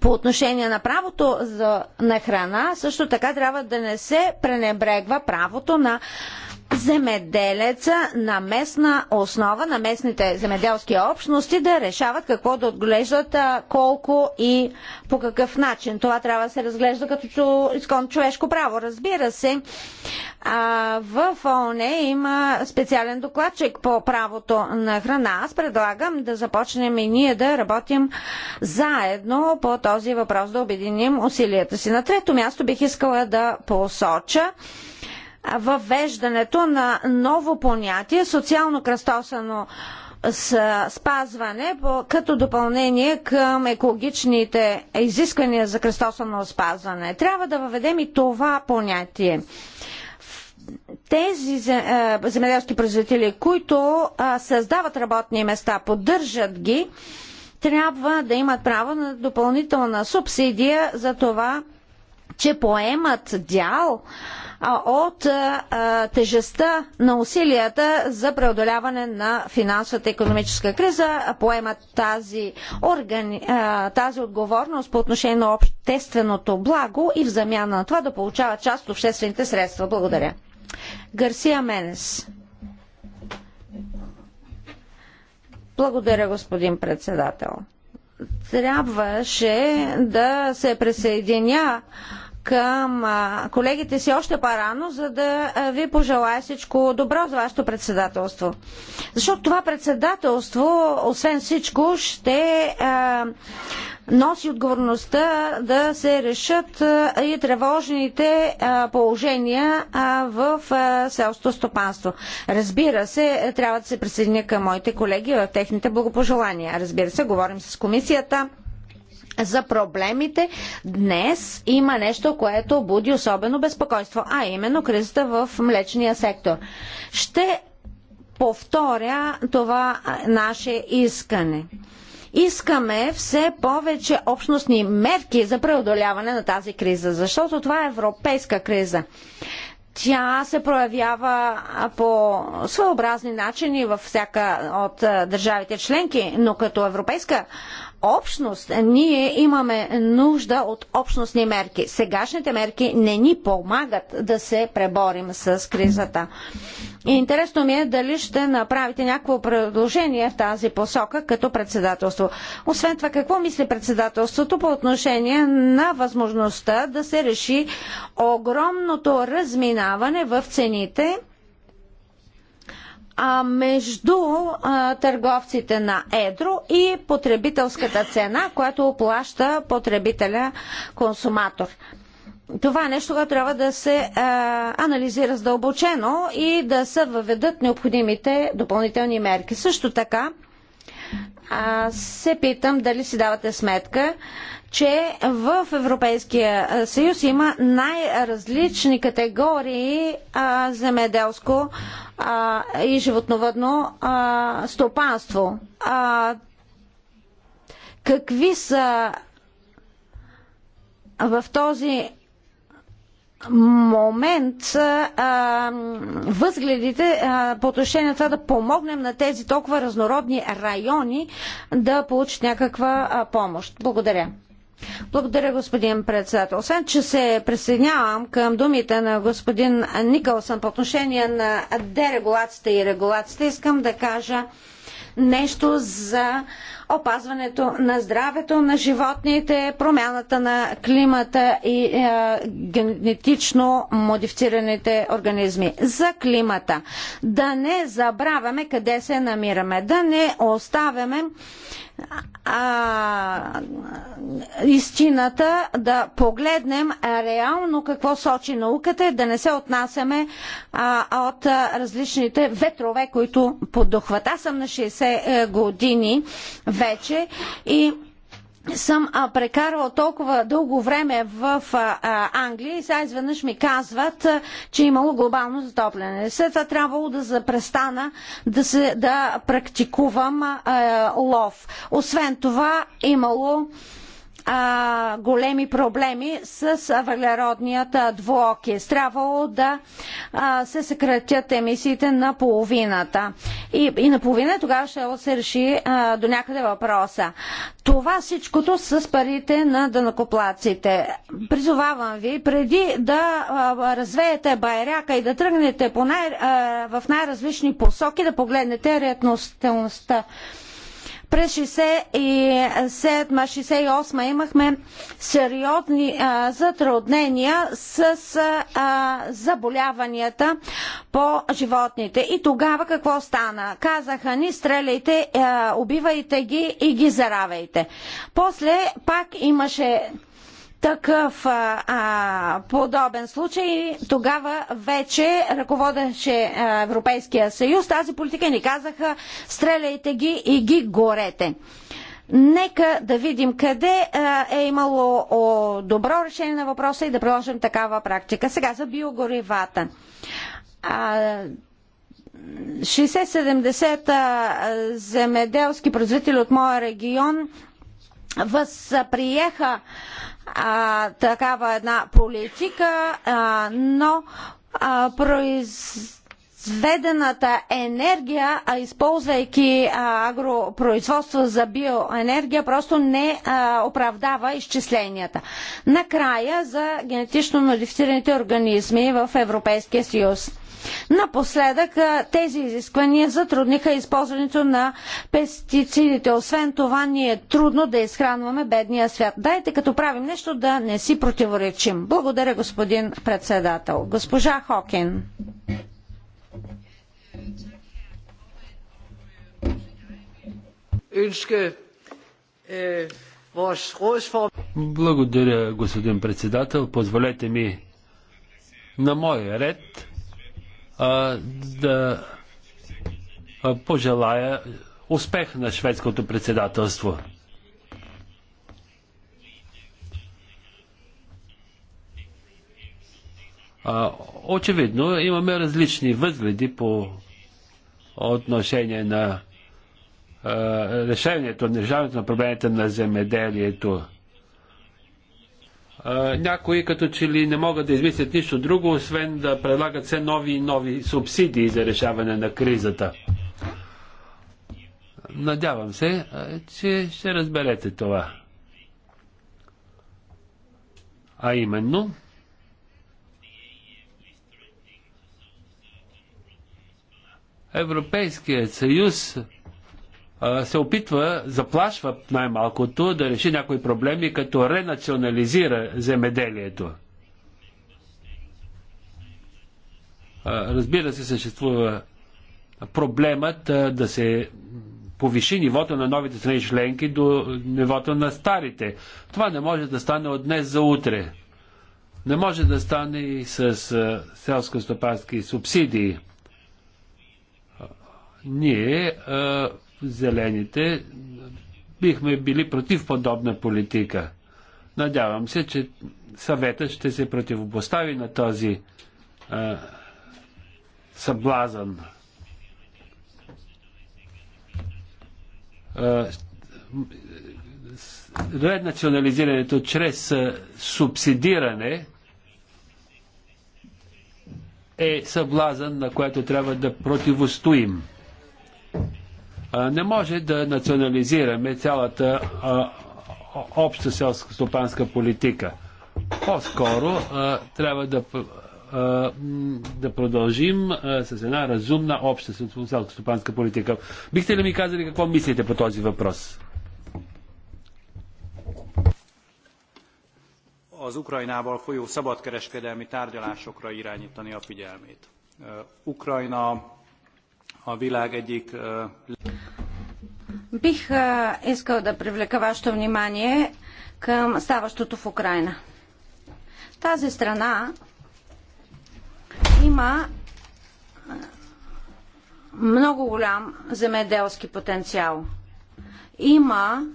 По отношение на правото за, на храна, също така трябва да не се пренебрегва правото на земеделеца на местна основа, на местните земеделски общности да решават какво да отглеждат, колко и по какъв начин. Това трябва да се разглежда като изкон човешко право. Разбира се, в ООН има специален докладчик по правото на храна. Аз предлагам да започнем и ние да работим заедно по този въпрос, да обединим усилията си. На трето място бих искала да посоча, въвеждането на ново понятие социално кръстосано с спазване като допълнение към екологичните изисквания за кръстосано спазване. Трябва да въведем и това понятие. Тези е, земеделски производители, които е, създават работни места, поддържат ги, трябва да имат право на допълнителна субсидия за това, че поемат дял от тежестта на усилията за преодоляване на финансовата и економическа криза, поемат тази, органи... тази отговорност по отношение на общественото благо и в замяна на това да получават част от обществените средства. Благодаря. Гарсия Менес. Благодаря, господин председател. Трябваше да се присъединя към колегите си още по-рано, за да ви пожелая всичко добро за вашето председателство. Защото това председателство, освен всичко, ще носи отговорността да се решат и тревожните положения в селското стопанство. Разбира се, трябва да се присъединя към моите колеги в техните благопожелания. Разбира се, говорим с комисията за проблемите. Днес има нещо, което буди особено безпокойство, а именно кризата в млечния сектор. Ще повторя това наше искане. Искаме все повече общностни мерки за преодоляване на тази криза, защото това е европейска криза. Тя се проявява по своеобразни начини във всяка от държавите членки, но като Европейска общност, ние имаме нужда от общностни мерки. Сегашните мерки не ни помагат да се преборим с кризата. И интересно ми е дали ще направите някакво предложение в тази посока като председателство. Освен това, какво мисли председателството по отношение на възможността да се реши огромното разминаване в цените а, между а, търговците на едро и потребителската цена, която оплаща потребителя консуматор. Това е нещо, което трябва да се а, анализира задълбочено и да се въведат необходимите допълнителни мерки. Също така, се питам дали си давате сметка, че в Европейския съюз има най-различни категории а, земеделско а, и животновъдно а, стопанство. А, какви са в този момент а, възгледите а, по отношение на това да помогнем на тези толкова разнородни райони да получат някаква а, помощ. Благодаря. Благодаря, господин председател. Освен, че се присъединявам към думите на господин Никълсън по отношение на дерегулацията и регулацията, искам да кажа нещо за опазването на здравето на животните, промяната на климата и е, генетично модифицираните организми. За климата. Да не забравяме къде се намираме. Да не оставяме а, истината, да погледнем реално какво сочи науката и да не се отнасяме а, от а, различните ветрове, които подухват. Аз съм на 60 е, години. в вече и съм а, прекарвал толкова дълго време в а, а, Англия и сега изведнъж ми казват, а, че е имало глобално затопляне. След това трябвало да запрестана да, се, да практикувам а, лов. Освен това имало а, а, големи проблеми с въглеродният двуокис. Трябвало да а, се съкратят емисиите на половината. И, и на половина тогава ще се реши а, до някъде въпроса. Това всичкото с парите на дънакоплаците. Призовавам ви, преди да а, развеете байряка и да тръгнете по най, а, в най-различни посоки, да погледнете реалността през 67-68 имахме сериозни а, затруднения с а, заболяванията по животните. И тогава какво стана? Казаха ни, стреляйте, а, убивайте ги и ги заравяйте. После пак имаше такъв а, подобен случай, тогава вече ръководеше Европейския съюз тази политика ни казаха стреляйте ги и ги горете. Нека да видим къде е имало добро решение на въпроса и да приложим такава практика. Сега за биогоривата. 60-70 земеделски производители от моя регион възприеха а, такава една политика, а, но а, произ сведената енергия, а използвайки а, агропроизводство за биоенергия, просто не а, оправдава изчисленията. Накрая за генетично модифицираните организми в Европейския съюз. Напоследък тези изисквания затрудниха използването на пестицидите. Освен това, ни е трудно да изхранваме бедния свят. Дайте като правим нещо да не си противоречим. Благодаря, господин председател. Госпожа Хокин. Øh, Благодаря, господин председател. Позволете ми на мой ред а, да а, пожелая успех на шведското председателство. А, очевидно, имаме различни възгледи по отношение на решението, нежаването на проблемите на земеделието. Някои като че ли не могат да измислят нищо друго, освен да предлагат все нови и нови субсидии за решаване на кризата. Надявам се, че ще разберете това. А именно, Европейският съюз се опитва, заплашва най-малкото да реши някои проблеми, като ренационализира земеделието. Разбира се, съществува проблемът да се повиши нивото на новите страни членки до нивото на старите. Това не може да стане от днес за утре. Не може да стане и с селско-стопански субсидии. Ние зелените бихме били против подобна политика. Надявам се, че съветът ще се противопостави на този а, съблазън. Реднационализирането чрез субсидиране е съблазън, на което трябва да противостоим. Не може да национализираме цялата обща селско-стопанска политика. По-скоро трябва да, да продължим с една разумна обща селско-стопанска политика. Бихте ли ми казали какво мислите по този въпрос? az Ukrajnával folyó szabadkereskedelmi tárgyalásokra irányítani a figyelmét. Ukrajna a világ egyik... Бих е, искал да привлека вашето внимание към ставащото в Украина. Тази страна има е, много голям земеделски потенциал. Има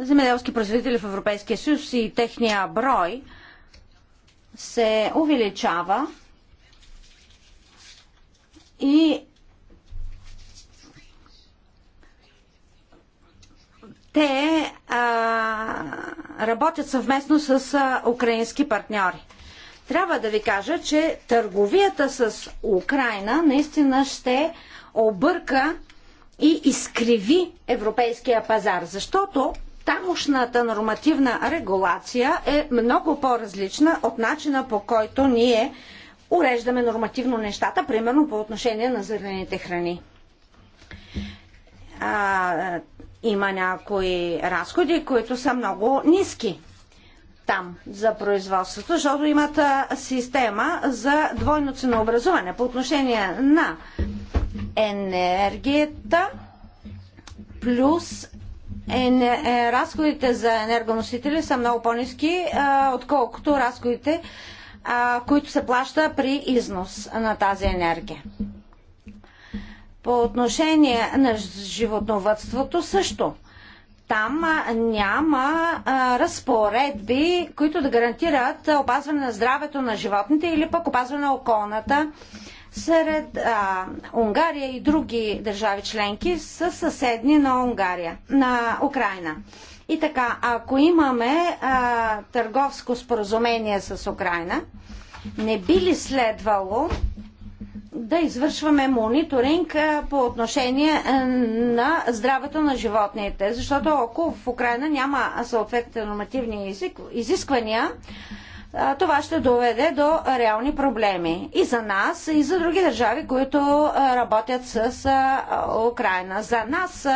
земеделски производители в Европейския съюз и техния брой се увеличава и те а, работят съвместно с а, украински партньори. Трябва да ви кажа, че търговията с Украина наистина ще обърка и изкриви европейския пазар, защото тамошната нормативна регулация е много по-различна от начина по който ние уреждаме нормативно нещата, примерно по отношение на зелените храни. А, има някои разходи, които са много ниски там за производството, защото имат система за двойно ценообразуване по отношение на енергията плюс е, разходите за енергоносители са много по-низки, отколкото разходите, които се плаща при износ на тази енергия. По отношение на животновътството също. Там няма а, разпоредби, които да гарантират опазване на здравето на животните или пък опазване на околната сред а, Унгария и други държави членки са съседни на Унгария, на Украина. И така, ако имаме а, търговско споразумение с Украина, не би ли следвало да извършваме мониторинг по отношение е, на здравето на животните. Защото ако в Украина няма съответните нормативни изисквания, това ще доведе до реални проблеми. И за нас, и за други държави, които работят с Украина. За нас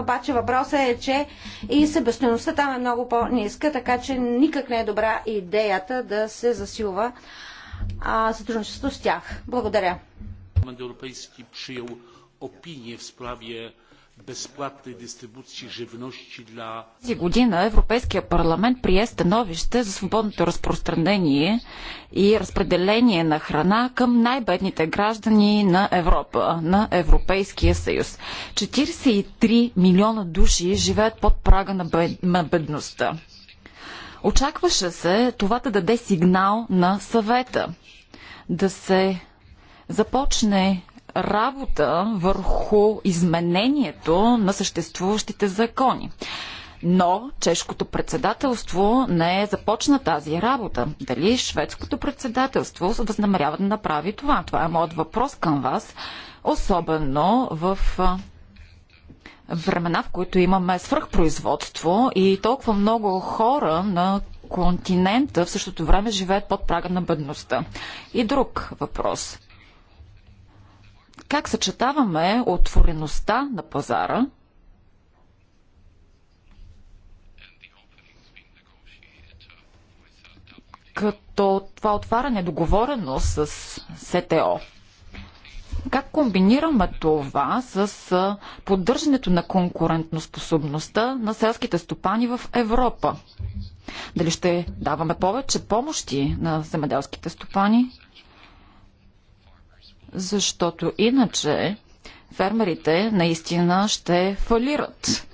обаче въпросът е, че и себестоеността там е много по-ниска, така че никак не е добра идеята да се засилва а, сътрудничество с тях. Благодаря. Парламент Европейски приел опиния в справие безплатной дистрибуции живности для... Тази година Европейския парламент прие становище за свободното разпространение и разпределение на храна към най-бедните граждани на Европа, на Европейския съюз. 43 милиона души живеят под прага на бедността. Очакваше се това да даде сигнал на съвета, да се започне работа върху изменението на съществуващите закони. Но чешкото председателство не е започна тази работа. Дали шведското председателство възнамерява да направи това? Това е моят въпрос към вас, особено в времена, в които имаме свръхпроизводство и толкова много хора на континента в същото време живеят под прага на бедността. И друг въпрос. Как съчетаваме отвореността на пазара като това отваряне договорено с СТО? Как комбинираме това с поддържането на конкурентноспособността на селските стопани в Европа? Дали ще даваме повече помощи на земеделските стопани? Защото иначе фермерите наистина ще фалират.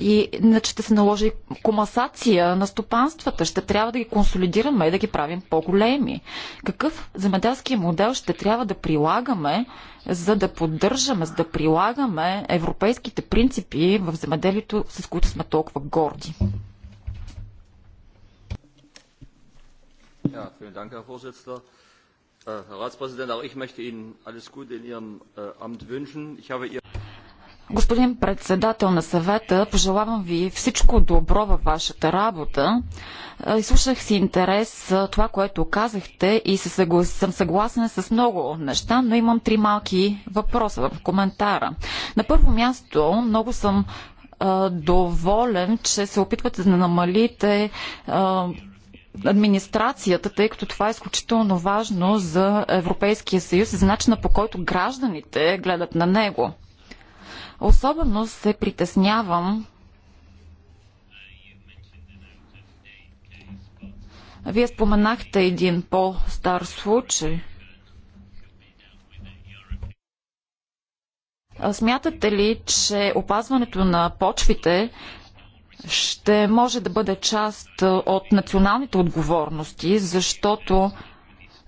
И иначе ще се наложи комасация на стопанствата. Ще трябва да ги консолидираме и да ги правим по-големи. Какъв земеделски модел ще трябва да прилагаме, за да поддържаме, за да прилагаме европейските принципи в земеделието, с които сме толкова горди? Ja, vielen Dank, Herr Vorsitzender. Äh, Herr Ratspräsident, auch ich möchte Ihnen alles Gute in Ihrem äh, Amt wünschen. Ich habe Ihr Господин председател на съвета, пожелавам ви всичко добро във вашата работа. Изслушах си интерес това, което казахте и съм съгласен с много неща, но имам три малки въпроса в коментара. На първо място, много съм а, доволен, че се опитвате да намалите а, администрацията, тъй като това е изключително важно за Европейския съюз и за начина по който гражданите гледат на него. Особено се притеснявам Вие споменахте един по-стар случай. Смятате ли, че опазването на почвите ще може да бъде част от националните отговорности, защото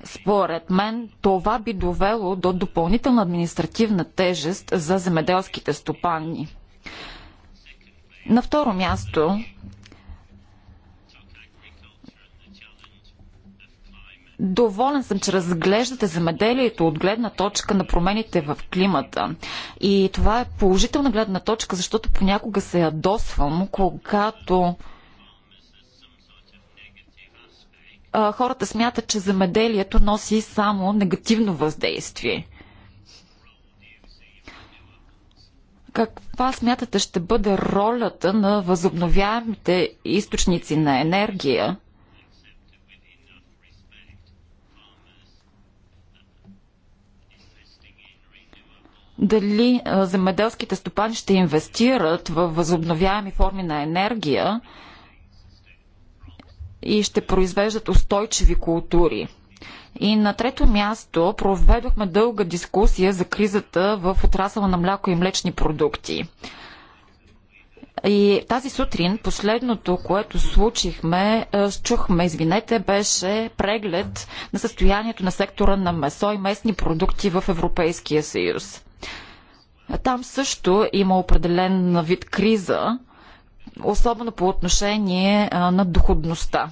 според мен това би довело до допълнителна административна тежест за земеделските стопани. На второ място, Доволен съм, че разглеждате земеделието от гледна точка на промените в климата. И това е положителна гледна точка, защото понякога се ядосвам, когато а, хората смятат, че земеделието носи само негативно въздействие. Каква смятате ще бъде ролята на възобновяемите източници на енергия? Дали земеделските стопани ще инвестират в възобновяеми форми на енергия? и ще произвеждат устойчиви култури. И на трето място проведохме дълга дискусия за кризата в отрасъла на мляко и млечни продукти. И тази сутрин последното, което случихме, е, чухме, извинете, беше преглед на състоянието на сектора на месо и местни продукти в Европейския съюз. Там също има определен вид криза, особено по отношение на доходността.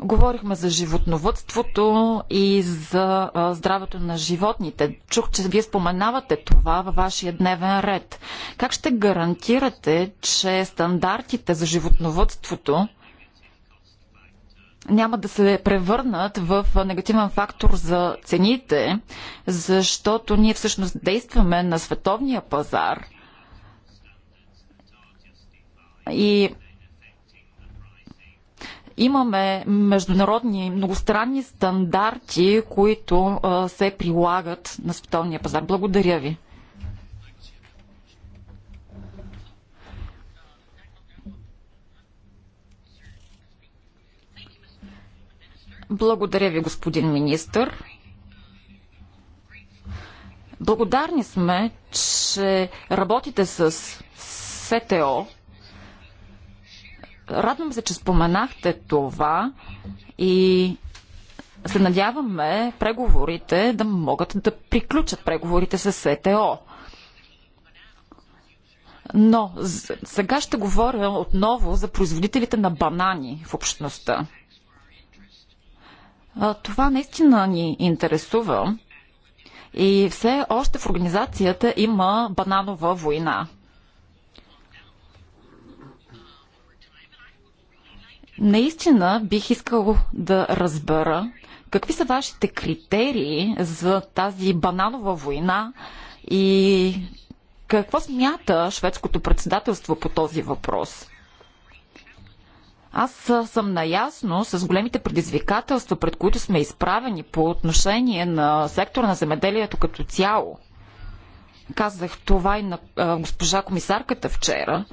Говорихме за животновътството и за здравето на животните. Чух, че вие споменавате това във вашия дневен ред. Как ще гарантирате, че стандартите за животновътството няма да се превърнат в негативен фактор за цените, защото ние всъщност действаме на световния пазар – и имаме международни многостранни стандарти, които се прилагат на световния пазар. Благодаря ви. Благодаря ви, господин министр. Благодарни сме, че работите с СТО, Радвам се, че споменахте това и се надяваме преговорите да могат да приключат преговорите с СТО. Но сега ще говоря отново за производителите на банани в общността. Това наистина ни интересува и все още в организацията има бананова война. Наистина бих искал да разбера какви са вашите критерии за тази бананова война и какво смята шведското председателство по този въпрос? Аз съм наясно с големите предизвикателства, пред които сме изправени по отношение на сектора на земеделието като цяло. Казах това и на госпожа комисарката вчера.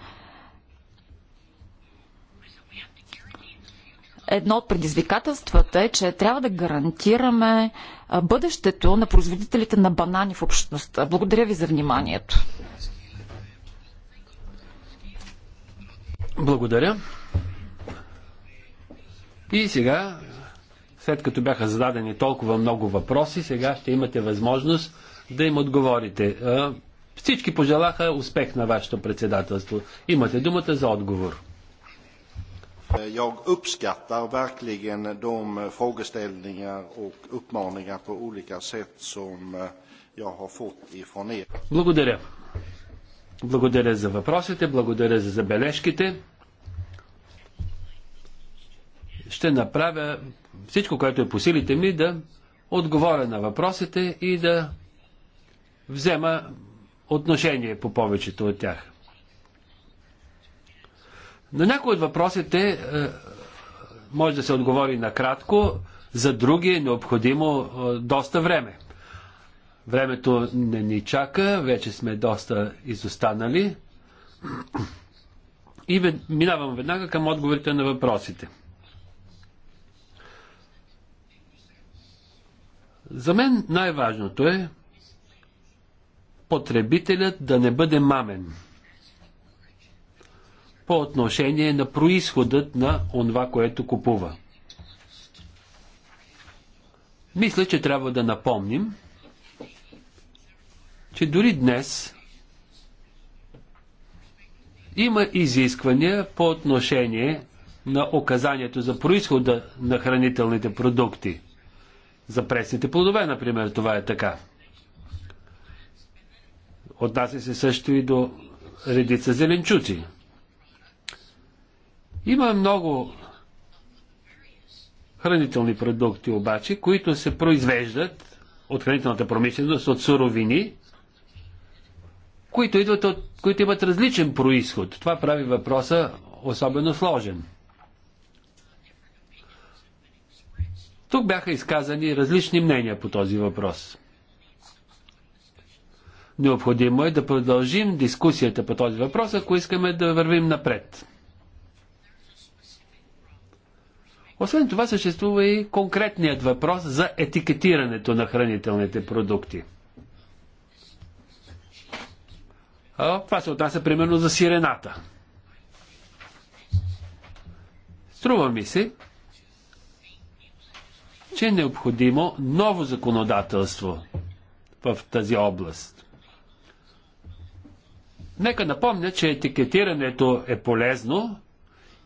Едно от предизвикателствата е, че трябва да гарантираме бъдещето на производителите на банани в общността. Благодаря ви за вниманието. Благодаря. И сега, след като бяха зададени толкова много въпроси, сега ще имате възможност да им отговорите. Всички пожелаха успех на вашето председателство. Имате думата за отговор. Jag uppskattar verkligen de frågeställningar och uppmaningar på olika sätt som eh, jag har fått ifrån er. Благодаря. Благодаря за въпросите, благодаря за забележките. Ще направя всичко, което е по силите ми, да отговоря на въпросите и да взема отношение по повечето от тях. На някои от въпросите е, може да се отговори накратко, за други е необходимо е, доста време. Времето не ни чака, вече сме доста изостанали. И минавам веднага към отговорите на въпросите. За мен най-важното е потребителят да не бъде мамен по отношение на происходът на онова, което купува. Мисля, че трябва да напомним, че дори днес има изисквания по отношение на оказанието за происхода на хранителните продукти. За пресните плодове, например, това е така. Отнася се също и до редица зеленчуци. Има много хранителни продукти обаче, които се произвеждат от хранителната промишленост, от суровини, които, идват от, които имат различен происход. Това прави въпроса особено сложен. Тук бяха изказани различни мнения по този въпрос. Необходимо е да продължим дискусията по този въпрос, ако искаме да вървим напред. Освен това съществува и конкретният въпрос за етикетирането на хранителните продукти. А, това се отнася примерно за сирената. Струва ми се, че е необходимо ново законодателство в тази област. Нека напомня, че етикетирането е полезно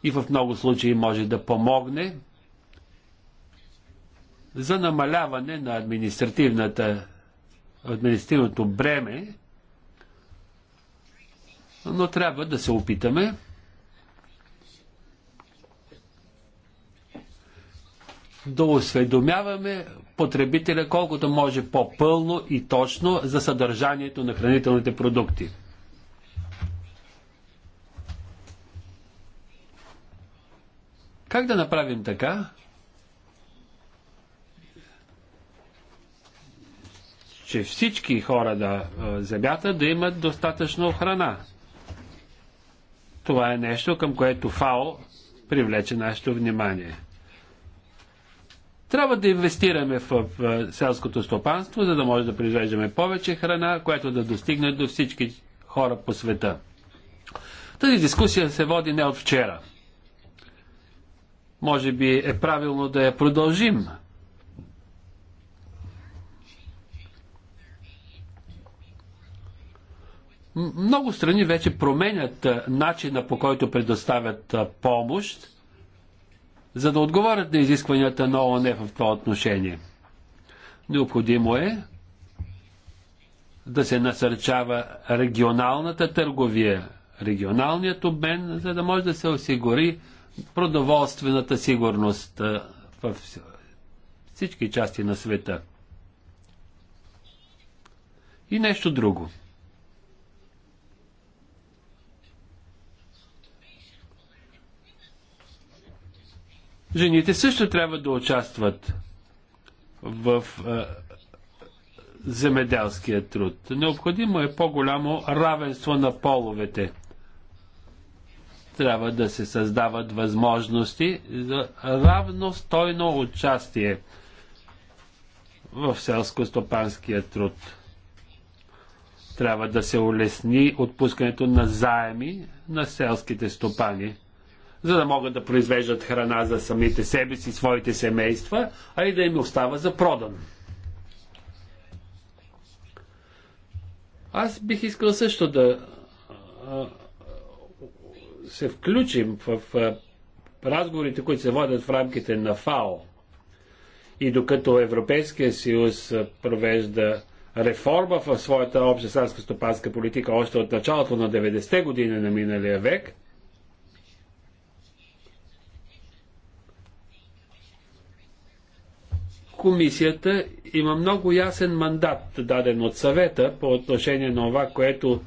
и в много случаи може да помогне за намаляване на административната, административното бреме, но трябва да се опитаме да осведомяваме потребителя колкото може по-пълно и точно за съдържанието на хранителните продукти. Как да направим така, че всички хора на Земята да имат достатъчно храна. Това е нещо, към което ФАО привлече нашето внимание. Трябва да инвестираме в селското стопанство, за да може да произвеждаме повече храна, която да достигне до всички хора по света. Тази дискусия се води не от вчера. Може би е правилно да я продължим Много страни вече променят начина по който предоставят помощ, за да отговорят на изискванията на ООН в това отношение. Необходимо е да се насърчава регионалната търговия, регионалният обмен, за да може да се осигури продоволствената сигурност в всички части на света. И нещо друго – жените също трябва да участват в а, е, земеделския труд. Необходимо е по-голямо равенство на половете. Трябва да се създават възможности за равностойно участие в селско-стопанския труд. Трябва да се улесни отпускането на заеми на селските стопани за да могат да произвеждат храна за самите себе си, своите семейства, а и да им остава за продан. Аз бих искал също да се включим в разговорите, които се водят в рамките на ФАО. И докато Европейския съюз провежда реформа в своята обща селско-стопанска политика още от началото на 90-те години на миналия век – комисията има много ясен мандат, даден от съвета по отношение на това, което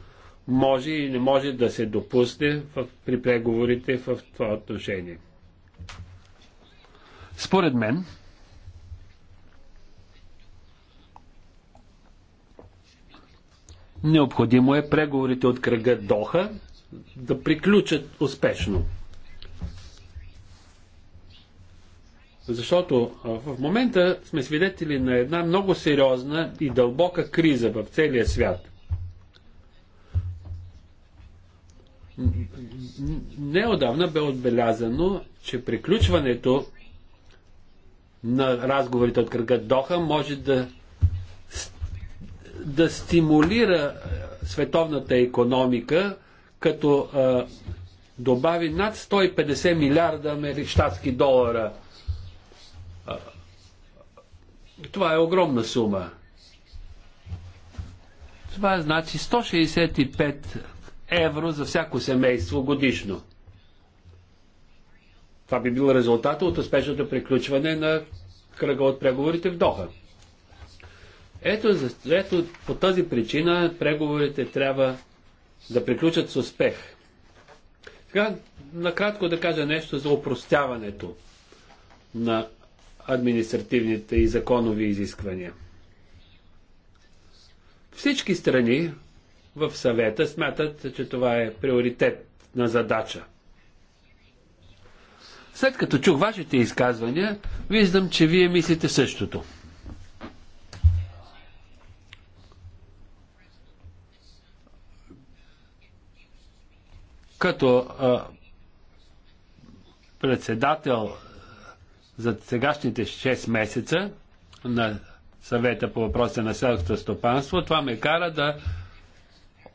може и не може да се допусне в, при преговорите в това отношение. Според мен, необходимо е преговорите от кръга Доха да приключат успешно. Защото в момента сме свидетели на една много сериозна и дълбока криза в целия свят. Неодавна бе отбелязано, че приключването на разговорите от кръга Доха може да, да стимулира световната економика, като а, добави над 150 милиарда американски долара това е огромна сума. Това е значи 165 евро за всяко семейство годишно. Това би било резултата от успешното приключване на кръга от преговорите в Доха. Ето, ето по тази причина преговорите трябва да приключат с успех. Сега накратко да кажа нещо за опростяването на административните и законови изисквания. Всички страни в съвета смятат, че това е приоритет на задача. След като чух вашите изказвания, виждам, че вие мислите същото. Като а, председател за сегашните 6 месеца на съвета по въпроса на селското стопанство, това ме кара да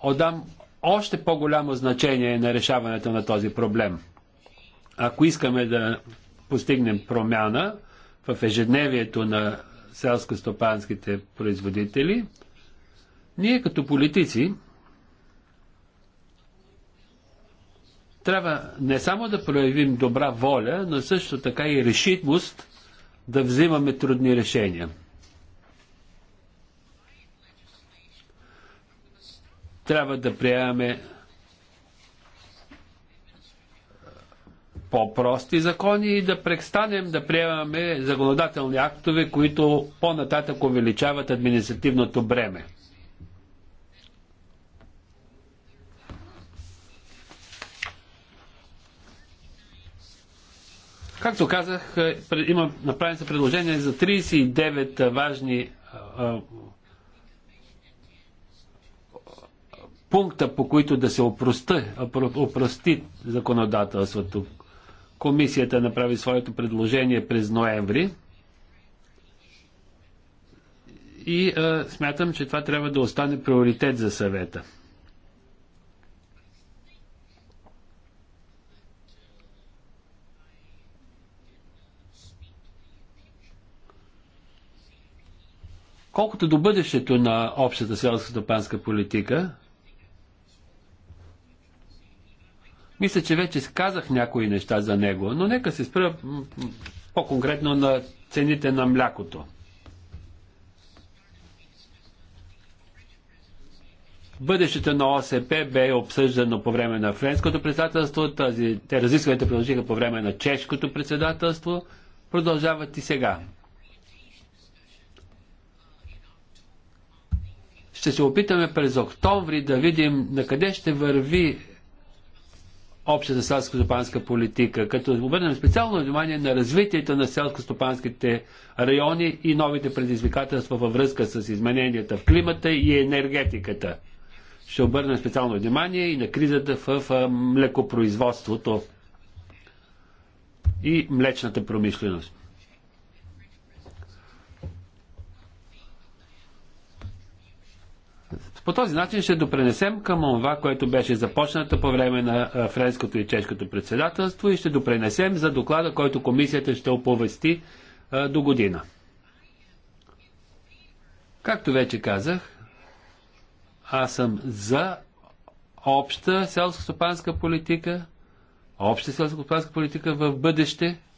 отдам още по-голямо значение на решаването на този проблем. Ако искаме да постигнем промяна в ежедневието на селско-стопанските производители, ние като политици трябва не само да проявим добра воля, но също така и решитност да взимаме трудни решения. Трябва да приемаме по-прости закони и да престанем да приемаме законодателни актове, които по-нататък увеличават административното бреме. Както казах, е, има направени са предложения за 39 важни е, е, пункта, по които да се опрости, опрости законодателството. Комисията направи своето предложение през ноември и а, смятам, че това трябва да остане приоритет за съвета. Колкото до бъдещето на общата селско-стопанска политика, мисля, че вече казах някои неща за него, но нека се спра по-конкретно на цените на млякото. Бъдещето на ОСП бе обсъждано по време на френското председателство, тази, те разискванията продължиха по време на чешкото председателство, продължават и сега. Ще се опитаме през октомври да видим на къде ще върви общата селско-стопанска политика, като обърнем специално внимание на развитието на селско-стопанските райони и новите предизвикателства във връзка с измененията в климата и енергетиката. Ще обърнем специално внимание и на кризата в млекопроизводството и млечната промишленост. По този начин ще допренесем към това, което беше започнато по време на френското и чешкото председателство и ще допренесем за доклада, който комисията ще оповести до година. Както вече казах, аз съм за обща селско-стопанска политика, обща селско-стопанска политика в бъдеще –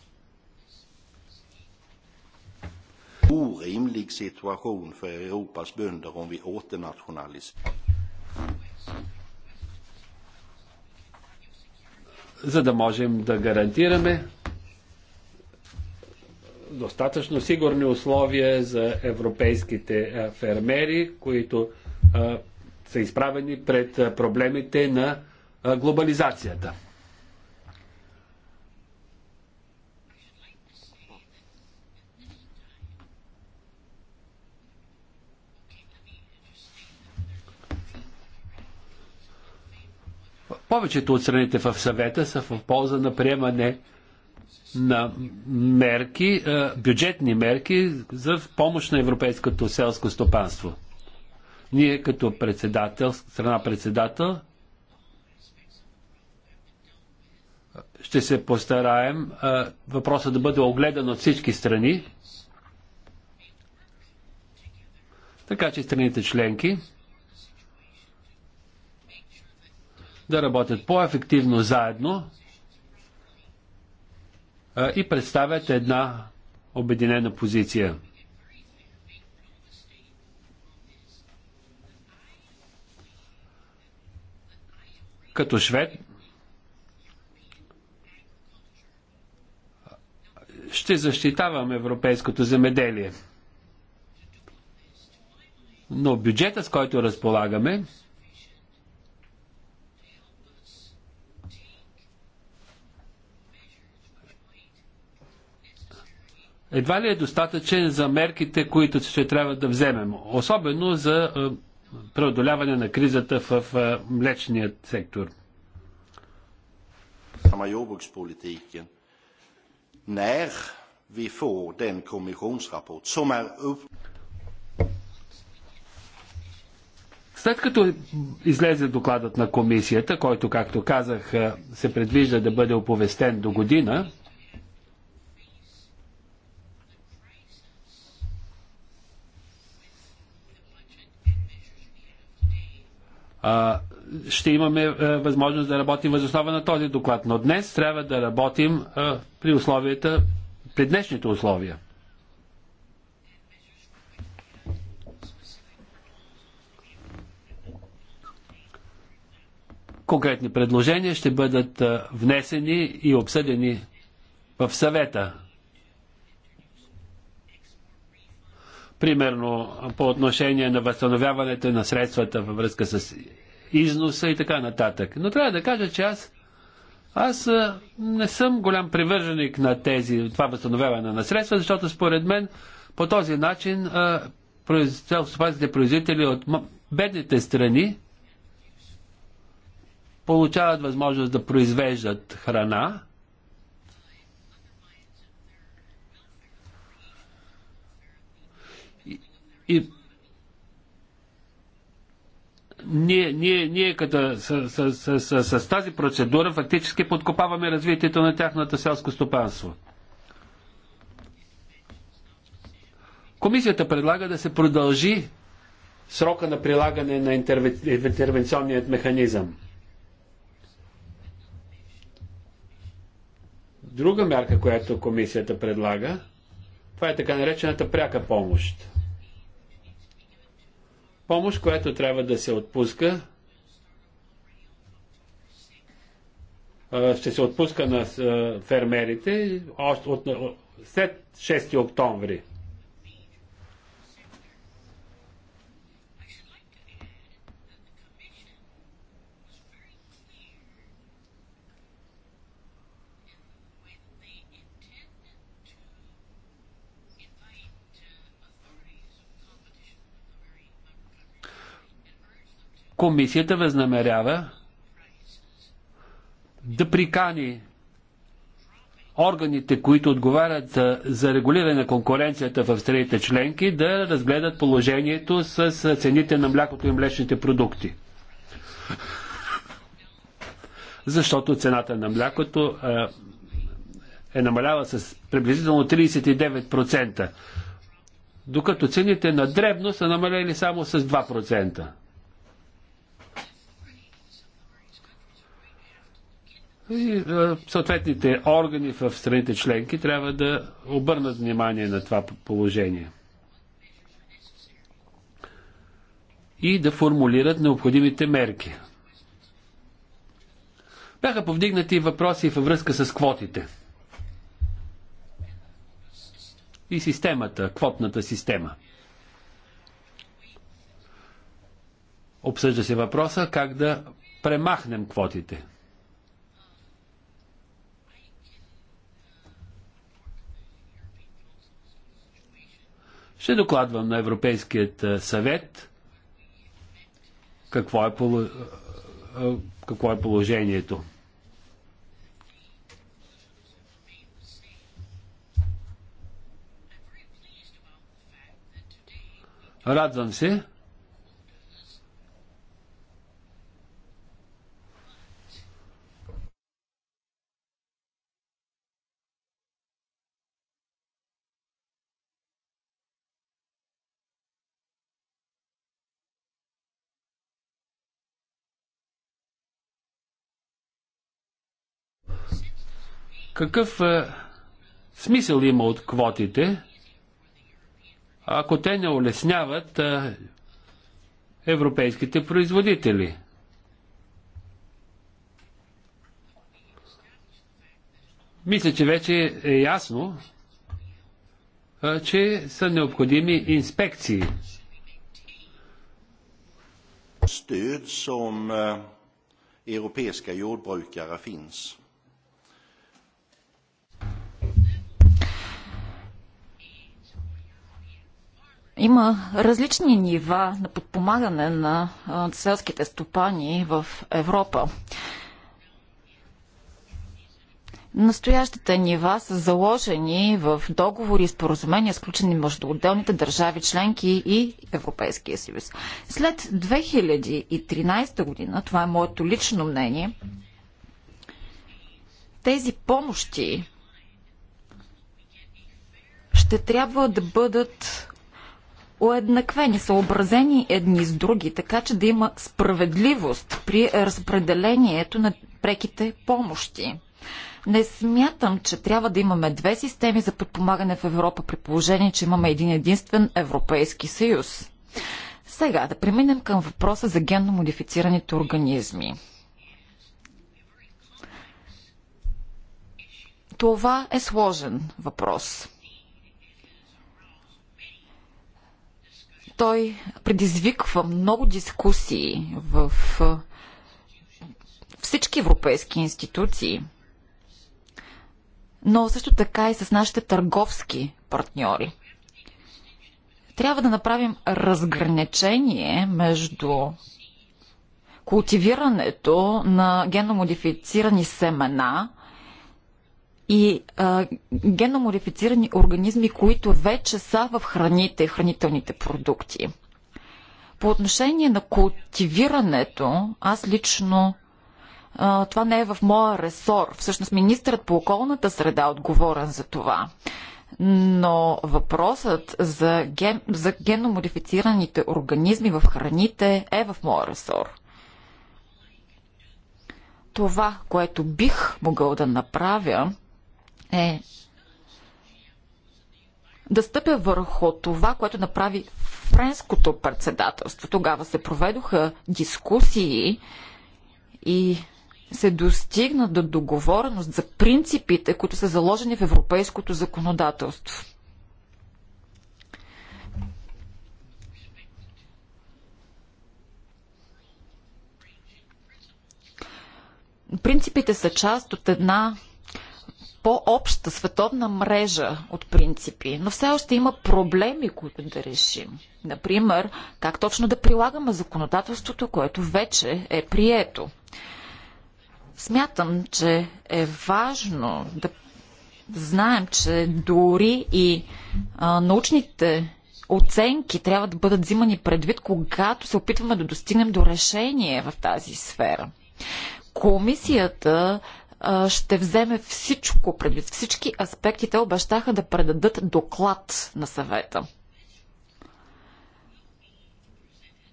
Orimlig situation för Europas bönder om vi åternationaliserar. За да можем да гарантираме достатъчно сигурни условия за европейските фермери, които са изправени пред проблемите на глобализацията. повечето от страните в съвета са в полза на приемане на мерки, бюджетни мерки за помощ на европейското селско стопанство. Ние като председател, страна председател, ще се постараем въпроса да бъде огледан от всички страни, така че страните членки да работят по-ефективно заедно и представят една обединена позиция. Като швед ще защитавам европейското земеделие. Но бюджета, с който разполагаме, едва ли е достатъчен за мерките, които ще трябва да вземем, особено за е, преодоляване на кризата в е, млечният сектор. När vi får den kommissionsrapport som är upp... След като излезе докладът на комисията, който, както казах, е, се предвижда да бъде оповестен до година, а, ще имаме а, възможност да работим възоснова на този доклад. Но днес трябва да работим а, при условията, при днешните условия. Конкретни предложения ще бъдат а, внесени и обсъдени в съвета Примерно по отношение на възстановяването на средствата във връзка с износа и така нататък. Но трябва да кажа, че аз, аз не съм голям привърженик на тези, това възстановяване на средства, защото според мен по този начин селскостопанските производители от бедните страни получават възможност да произвеждат храна, И ние, ние, ние като с, с, с, с, с тази процедура фактически подкопаваме развитието на тяхната селско стопанство. Комисията предлага да се продължи срока на прилагане на интервенционният механизъм. Друга мярка, която комисията предлага, това е така наречената пряка помощ. Помощ, която трябва да се отпуска, ще се отпуска на фермерите след 6 октомври. комисията възнамерява да прикани органите, които отговарят за регулиране на конкуренцията в страните членки, да разгледат положението с цените на млякото и млечните продукти. Защото цената на млякото е намалява с приблизително 39%, докато цените на дребно са намалели само с 2%. И е, съответните органи в страните членки трябва да обърнат внимание на това положение. И да формулират необходимите мерки. Бяха повдигнати въпроси във връзка с квотите. И системата, квотната система. Обсъжда се въпроса как да премахнем квотите – Ще докладвам на Европейският съвет какво е, какво е положението. Радвам се, Какъв е, смисъл има от квотите, ако те не улесняват е, европейските производители? Мисля, че вече е ясно, е, че са необходими инспекции. Stöd som europeiska jordbrukare finns. Има различни нива на подпомагане на селските стопани в Европа. Настоящите нива са заложени в договори и споразумения, сключени между отделните държави членки и Европейския съюз. След 2013 година, това е моето лично мнение, тези помощи ще трябва да бъдат уеднаквени, съобразени едни с други, така че да има справедливост при разпределението на преките помощи. Не смятам, че трябва да имаме две системи за подпомагане в Европа при положение, че имаме един единствен Европейски съюз. Сега да преминем към въпроса за генно модифицираните организми. Това е сложен въпрос. Той предизвиква много дискусии в всички европейски институции, но също така и с нашите търговски партньори. Трябва да направим разграничение между култивирането на генномодифицирани семена и а, геномодифицирани организми, които вече са в храните, хранителните продукти. По отношение на култивирането, аз лично а, това не е в моя ресор. Всъщност министърът по околната среда е отговорен за това. Но въпросът за, ген, за геномодифицираните организми в храните е в моя ресор това, което бих могъл да направя, е да стъпя върху това, което направи френското председателство. Тогава се проведоха дискусии и се достигна до договореност за принципите, които са заложени в европейското законодателство. Принципите са част от една по-обща световна мрежа от принципи, но все още има проблеми, които да решим. Например, как точно да прилагаме законодателството, което вече е прието. Смятам, че е важно да знаем, че дори и а, научните оценки трябва да бъдат взимани предвид, когато се опитваме да достигнем до решение в тази сфера. Комисията ще вземе всичко предвид, всички аспекти. Те обещаха да предадат доклад на съвета.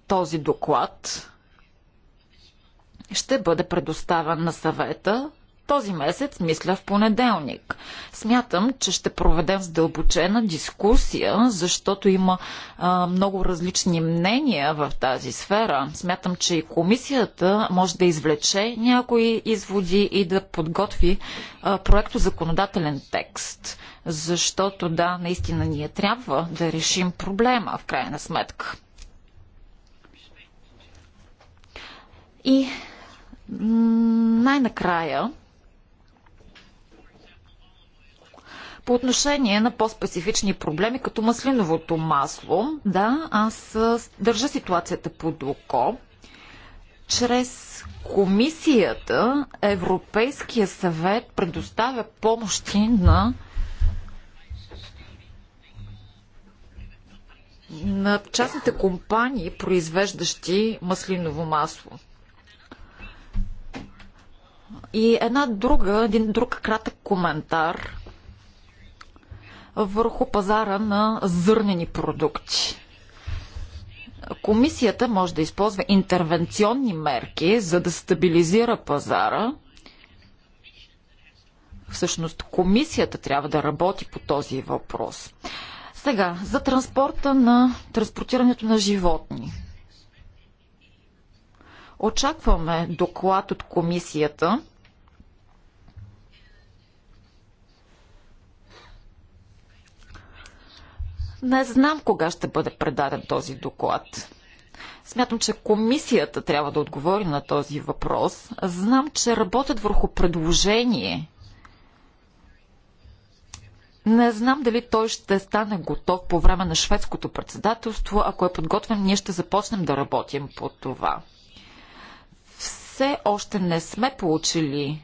Този доклад ще бъде предоставен на съвета този месец, мисля в понеделник. Смятам, че ще проведем задълбочена дискусия, защото има а, много различни мнения в тази сфера. Смятам, че и комисията може да извлече някои изводи и да подготви а, проекто законодателен текст. Защото да, наистина ние трябва да решим проблема в крайна сметка. И най-накрая По отношение на по-специфични проблеми, като маслиновото масло, да, аз държа ситуацията под око. Чрез комисията Европейския съвет предоставя помощи на на частните компании, произвеждащи маслиново масло. И една друга, един друг кратък коментар върху пазара на зърнени продукти. Комисията може да използва интервенционни мерки, за да стабилизира пазара. Всъщност, комисията трябва да работи по този въпрос. Сега, за транспорта на транспортирането на животни. Очакваме доклад от комисията – Не знам кога ще бъде предаден този доклад. Смятам, че комисията трябва да отговори на този въпрос. Знам, че работят върху предложение. Не знам дали той ще стане готов по време на шведското председателство. Ако е подготвен, ние ще започнем да работим по това. Все още не сме получили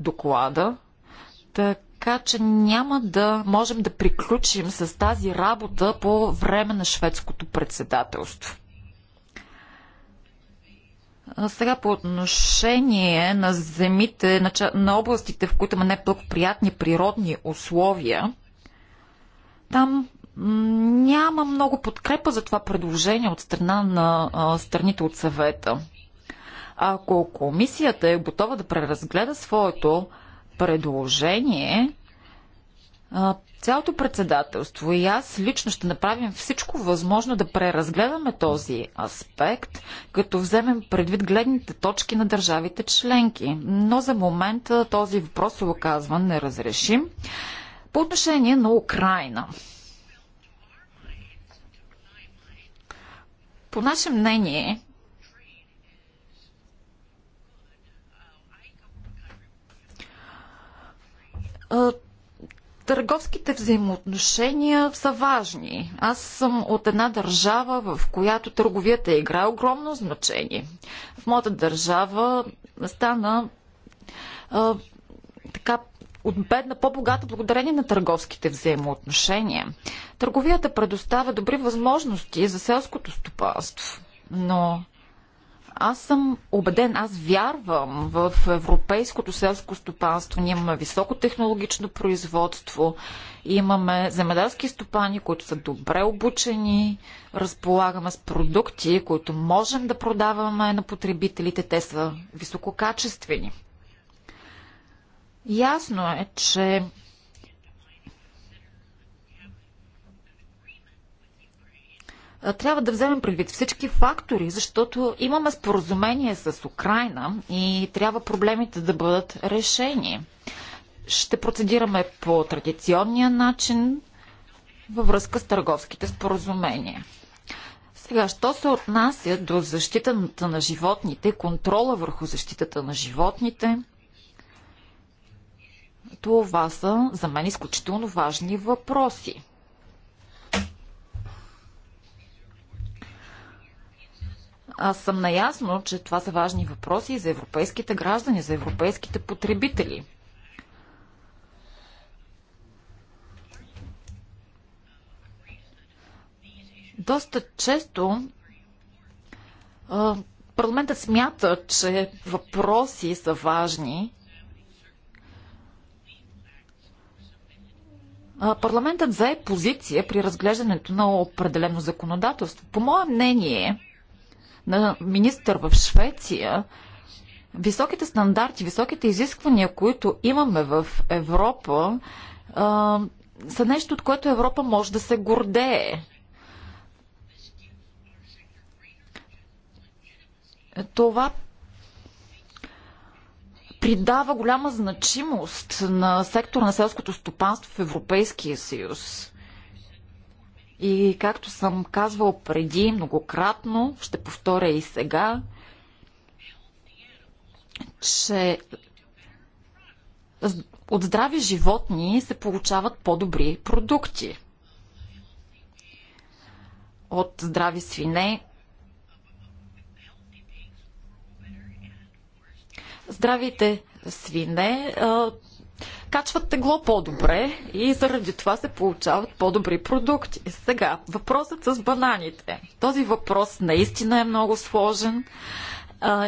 доклада, така така че няма да можем да приключим с тази работа по време на шведското председателство. Сега по отношение на земите, на областите, в които има неблагоприятни природни условия, там няма много подкрепа за това предложение от страна на страните от съвета. Ако комисията е готова да преразгледа своето предложение, цялото председателство и аз лично ще направим всичко възможно да преразгледаме този аспект, като вземем предвид гледните точки на държавите членки. Но за момента този въпрос се оказва неразрешим. По отношение на Украина. По наше мнение, търговските взаимоотношения са важни. Аз съм от една държава, в която търговията е играе огромно значение. В моята държава стана а, така от бедна по-богата благодарение на търговските взаимоотношения. Търговията предоставя добри възможности за селското стопанство, но аз съм убеден, аз вярвам в европейското селско стопанство. Ние имаме високотехнологично производство, имаме земеделски стопани, които са добре обучени, разполагаме с продукти, които можем да продаваме на потребителите. Те са висококачествени. Ясно е, че трябва да вземем предвид всички фактори, защото имаме споразумение с Украина и трябва проблемите да бъдат решени. Ще процедираме по традиционния начин във връзка с търговските споразумения. Сега, що се отнася до защитата на животните, контрола върху защитата на животните, това са за мен изключително важни въпроси. Аз съм наясно, че това са важни въпроси за европейските граждани, за европейските потребители. Доста често парламентът смята, че въпроси са важни. Парламентът зае позиция при разглеждането на определено законодателство. По мое мнение, на министър в Швеция, високите стандарти, високите изисквания, които имаме в Европа, а, са нещо, от което Европа може да се гордее. Това придава голяма значимост на сектора на селското стопанство в Европейския съюз. И както съм казвал преди многократно, ще повторя и сега, че от здрави животни се получават по-добри продукти. От здрави свине. Здравите свине качват тегло по-добре и заради това се получават по-добри продукти. Сега, въпросът с бананите. Този въпрос наистина е много сложен.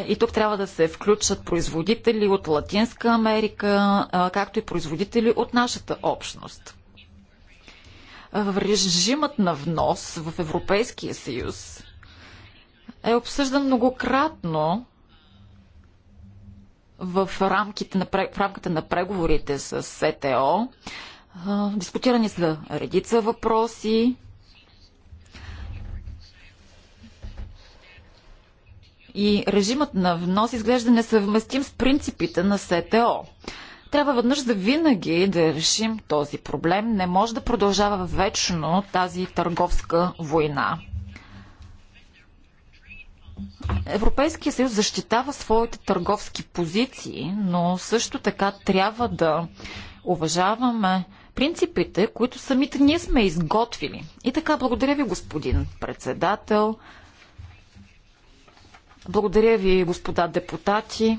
И тук трябва да се включат производители от Латинска Америка, както и производители от нашата общност. В режимът на внос в Европейския съюз е обсъждан многократно в рамките на, в рамката на преговорите с СТО. Дискутирани са редица въпроси. И режимът на внос изглежда несъвместим с принципите на СТО трябва веднъж за да винаги да решим този проблем. Не може да продължава вечно тази търговска война. Европейския съюз защитава своите търговски позиции, но също така трябва да уважаваме принципите, които самите ние сме изготвили. И така, благодаря ви, господин председател. Благодаря ви, господа депутати.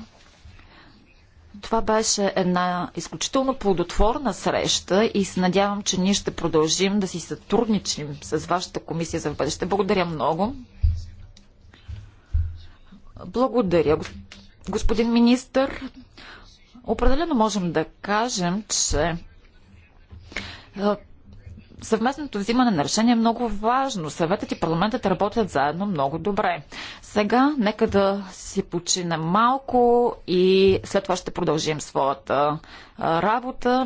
Това беше една изключително плодотворна среща и се надявам, че ние ще продължим да си сътрудничим с вашата комисия за бъдеще. Благодаря много. Благодаря, господин министър. Определено можем да кажем, че е, съвместното взимане на решение е много важно. Съветът и парламентът работят заедно много добре. Сега нека да си починем малко и след това ще продължим своята работа.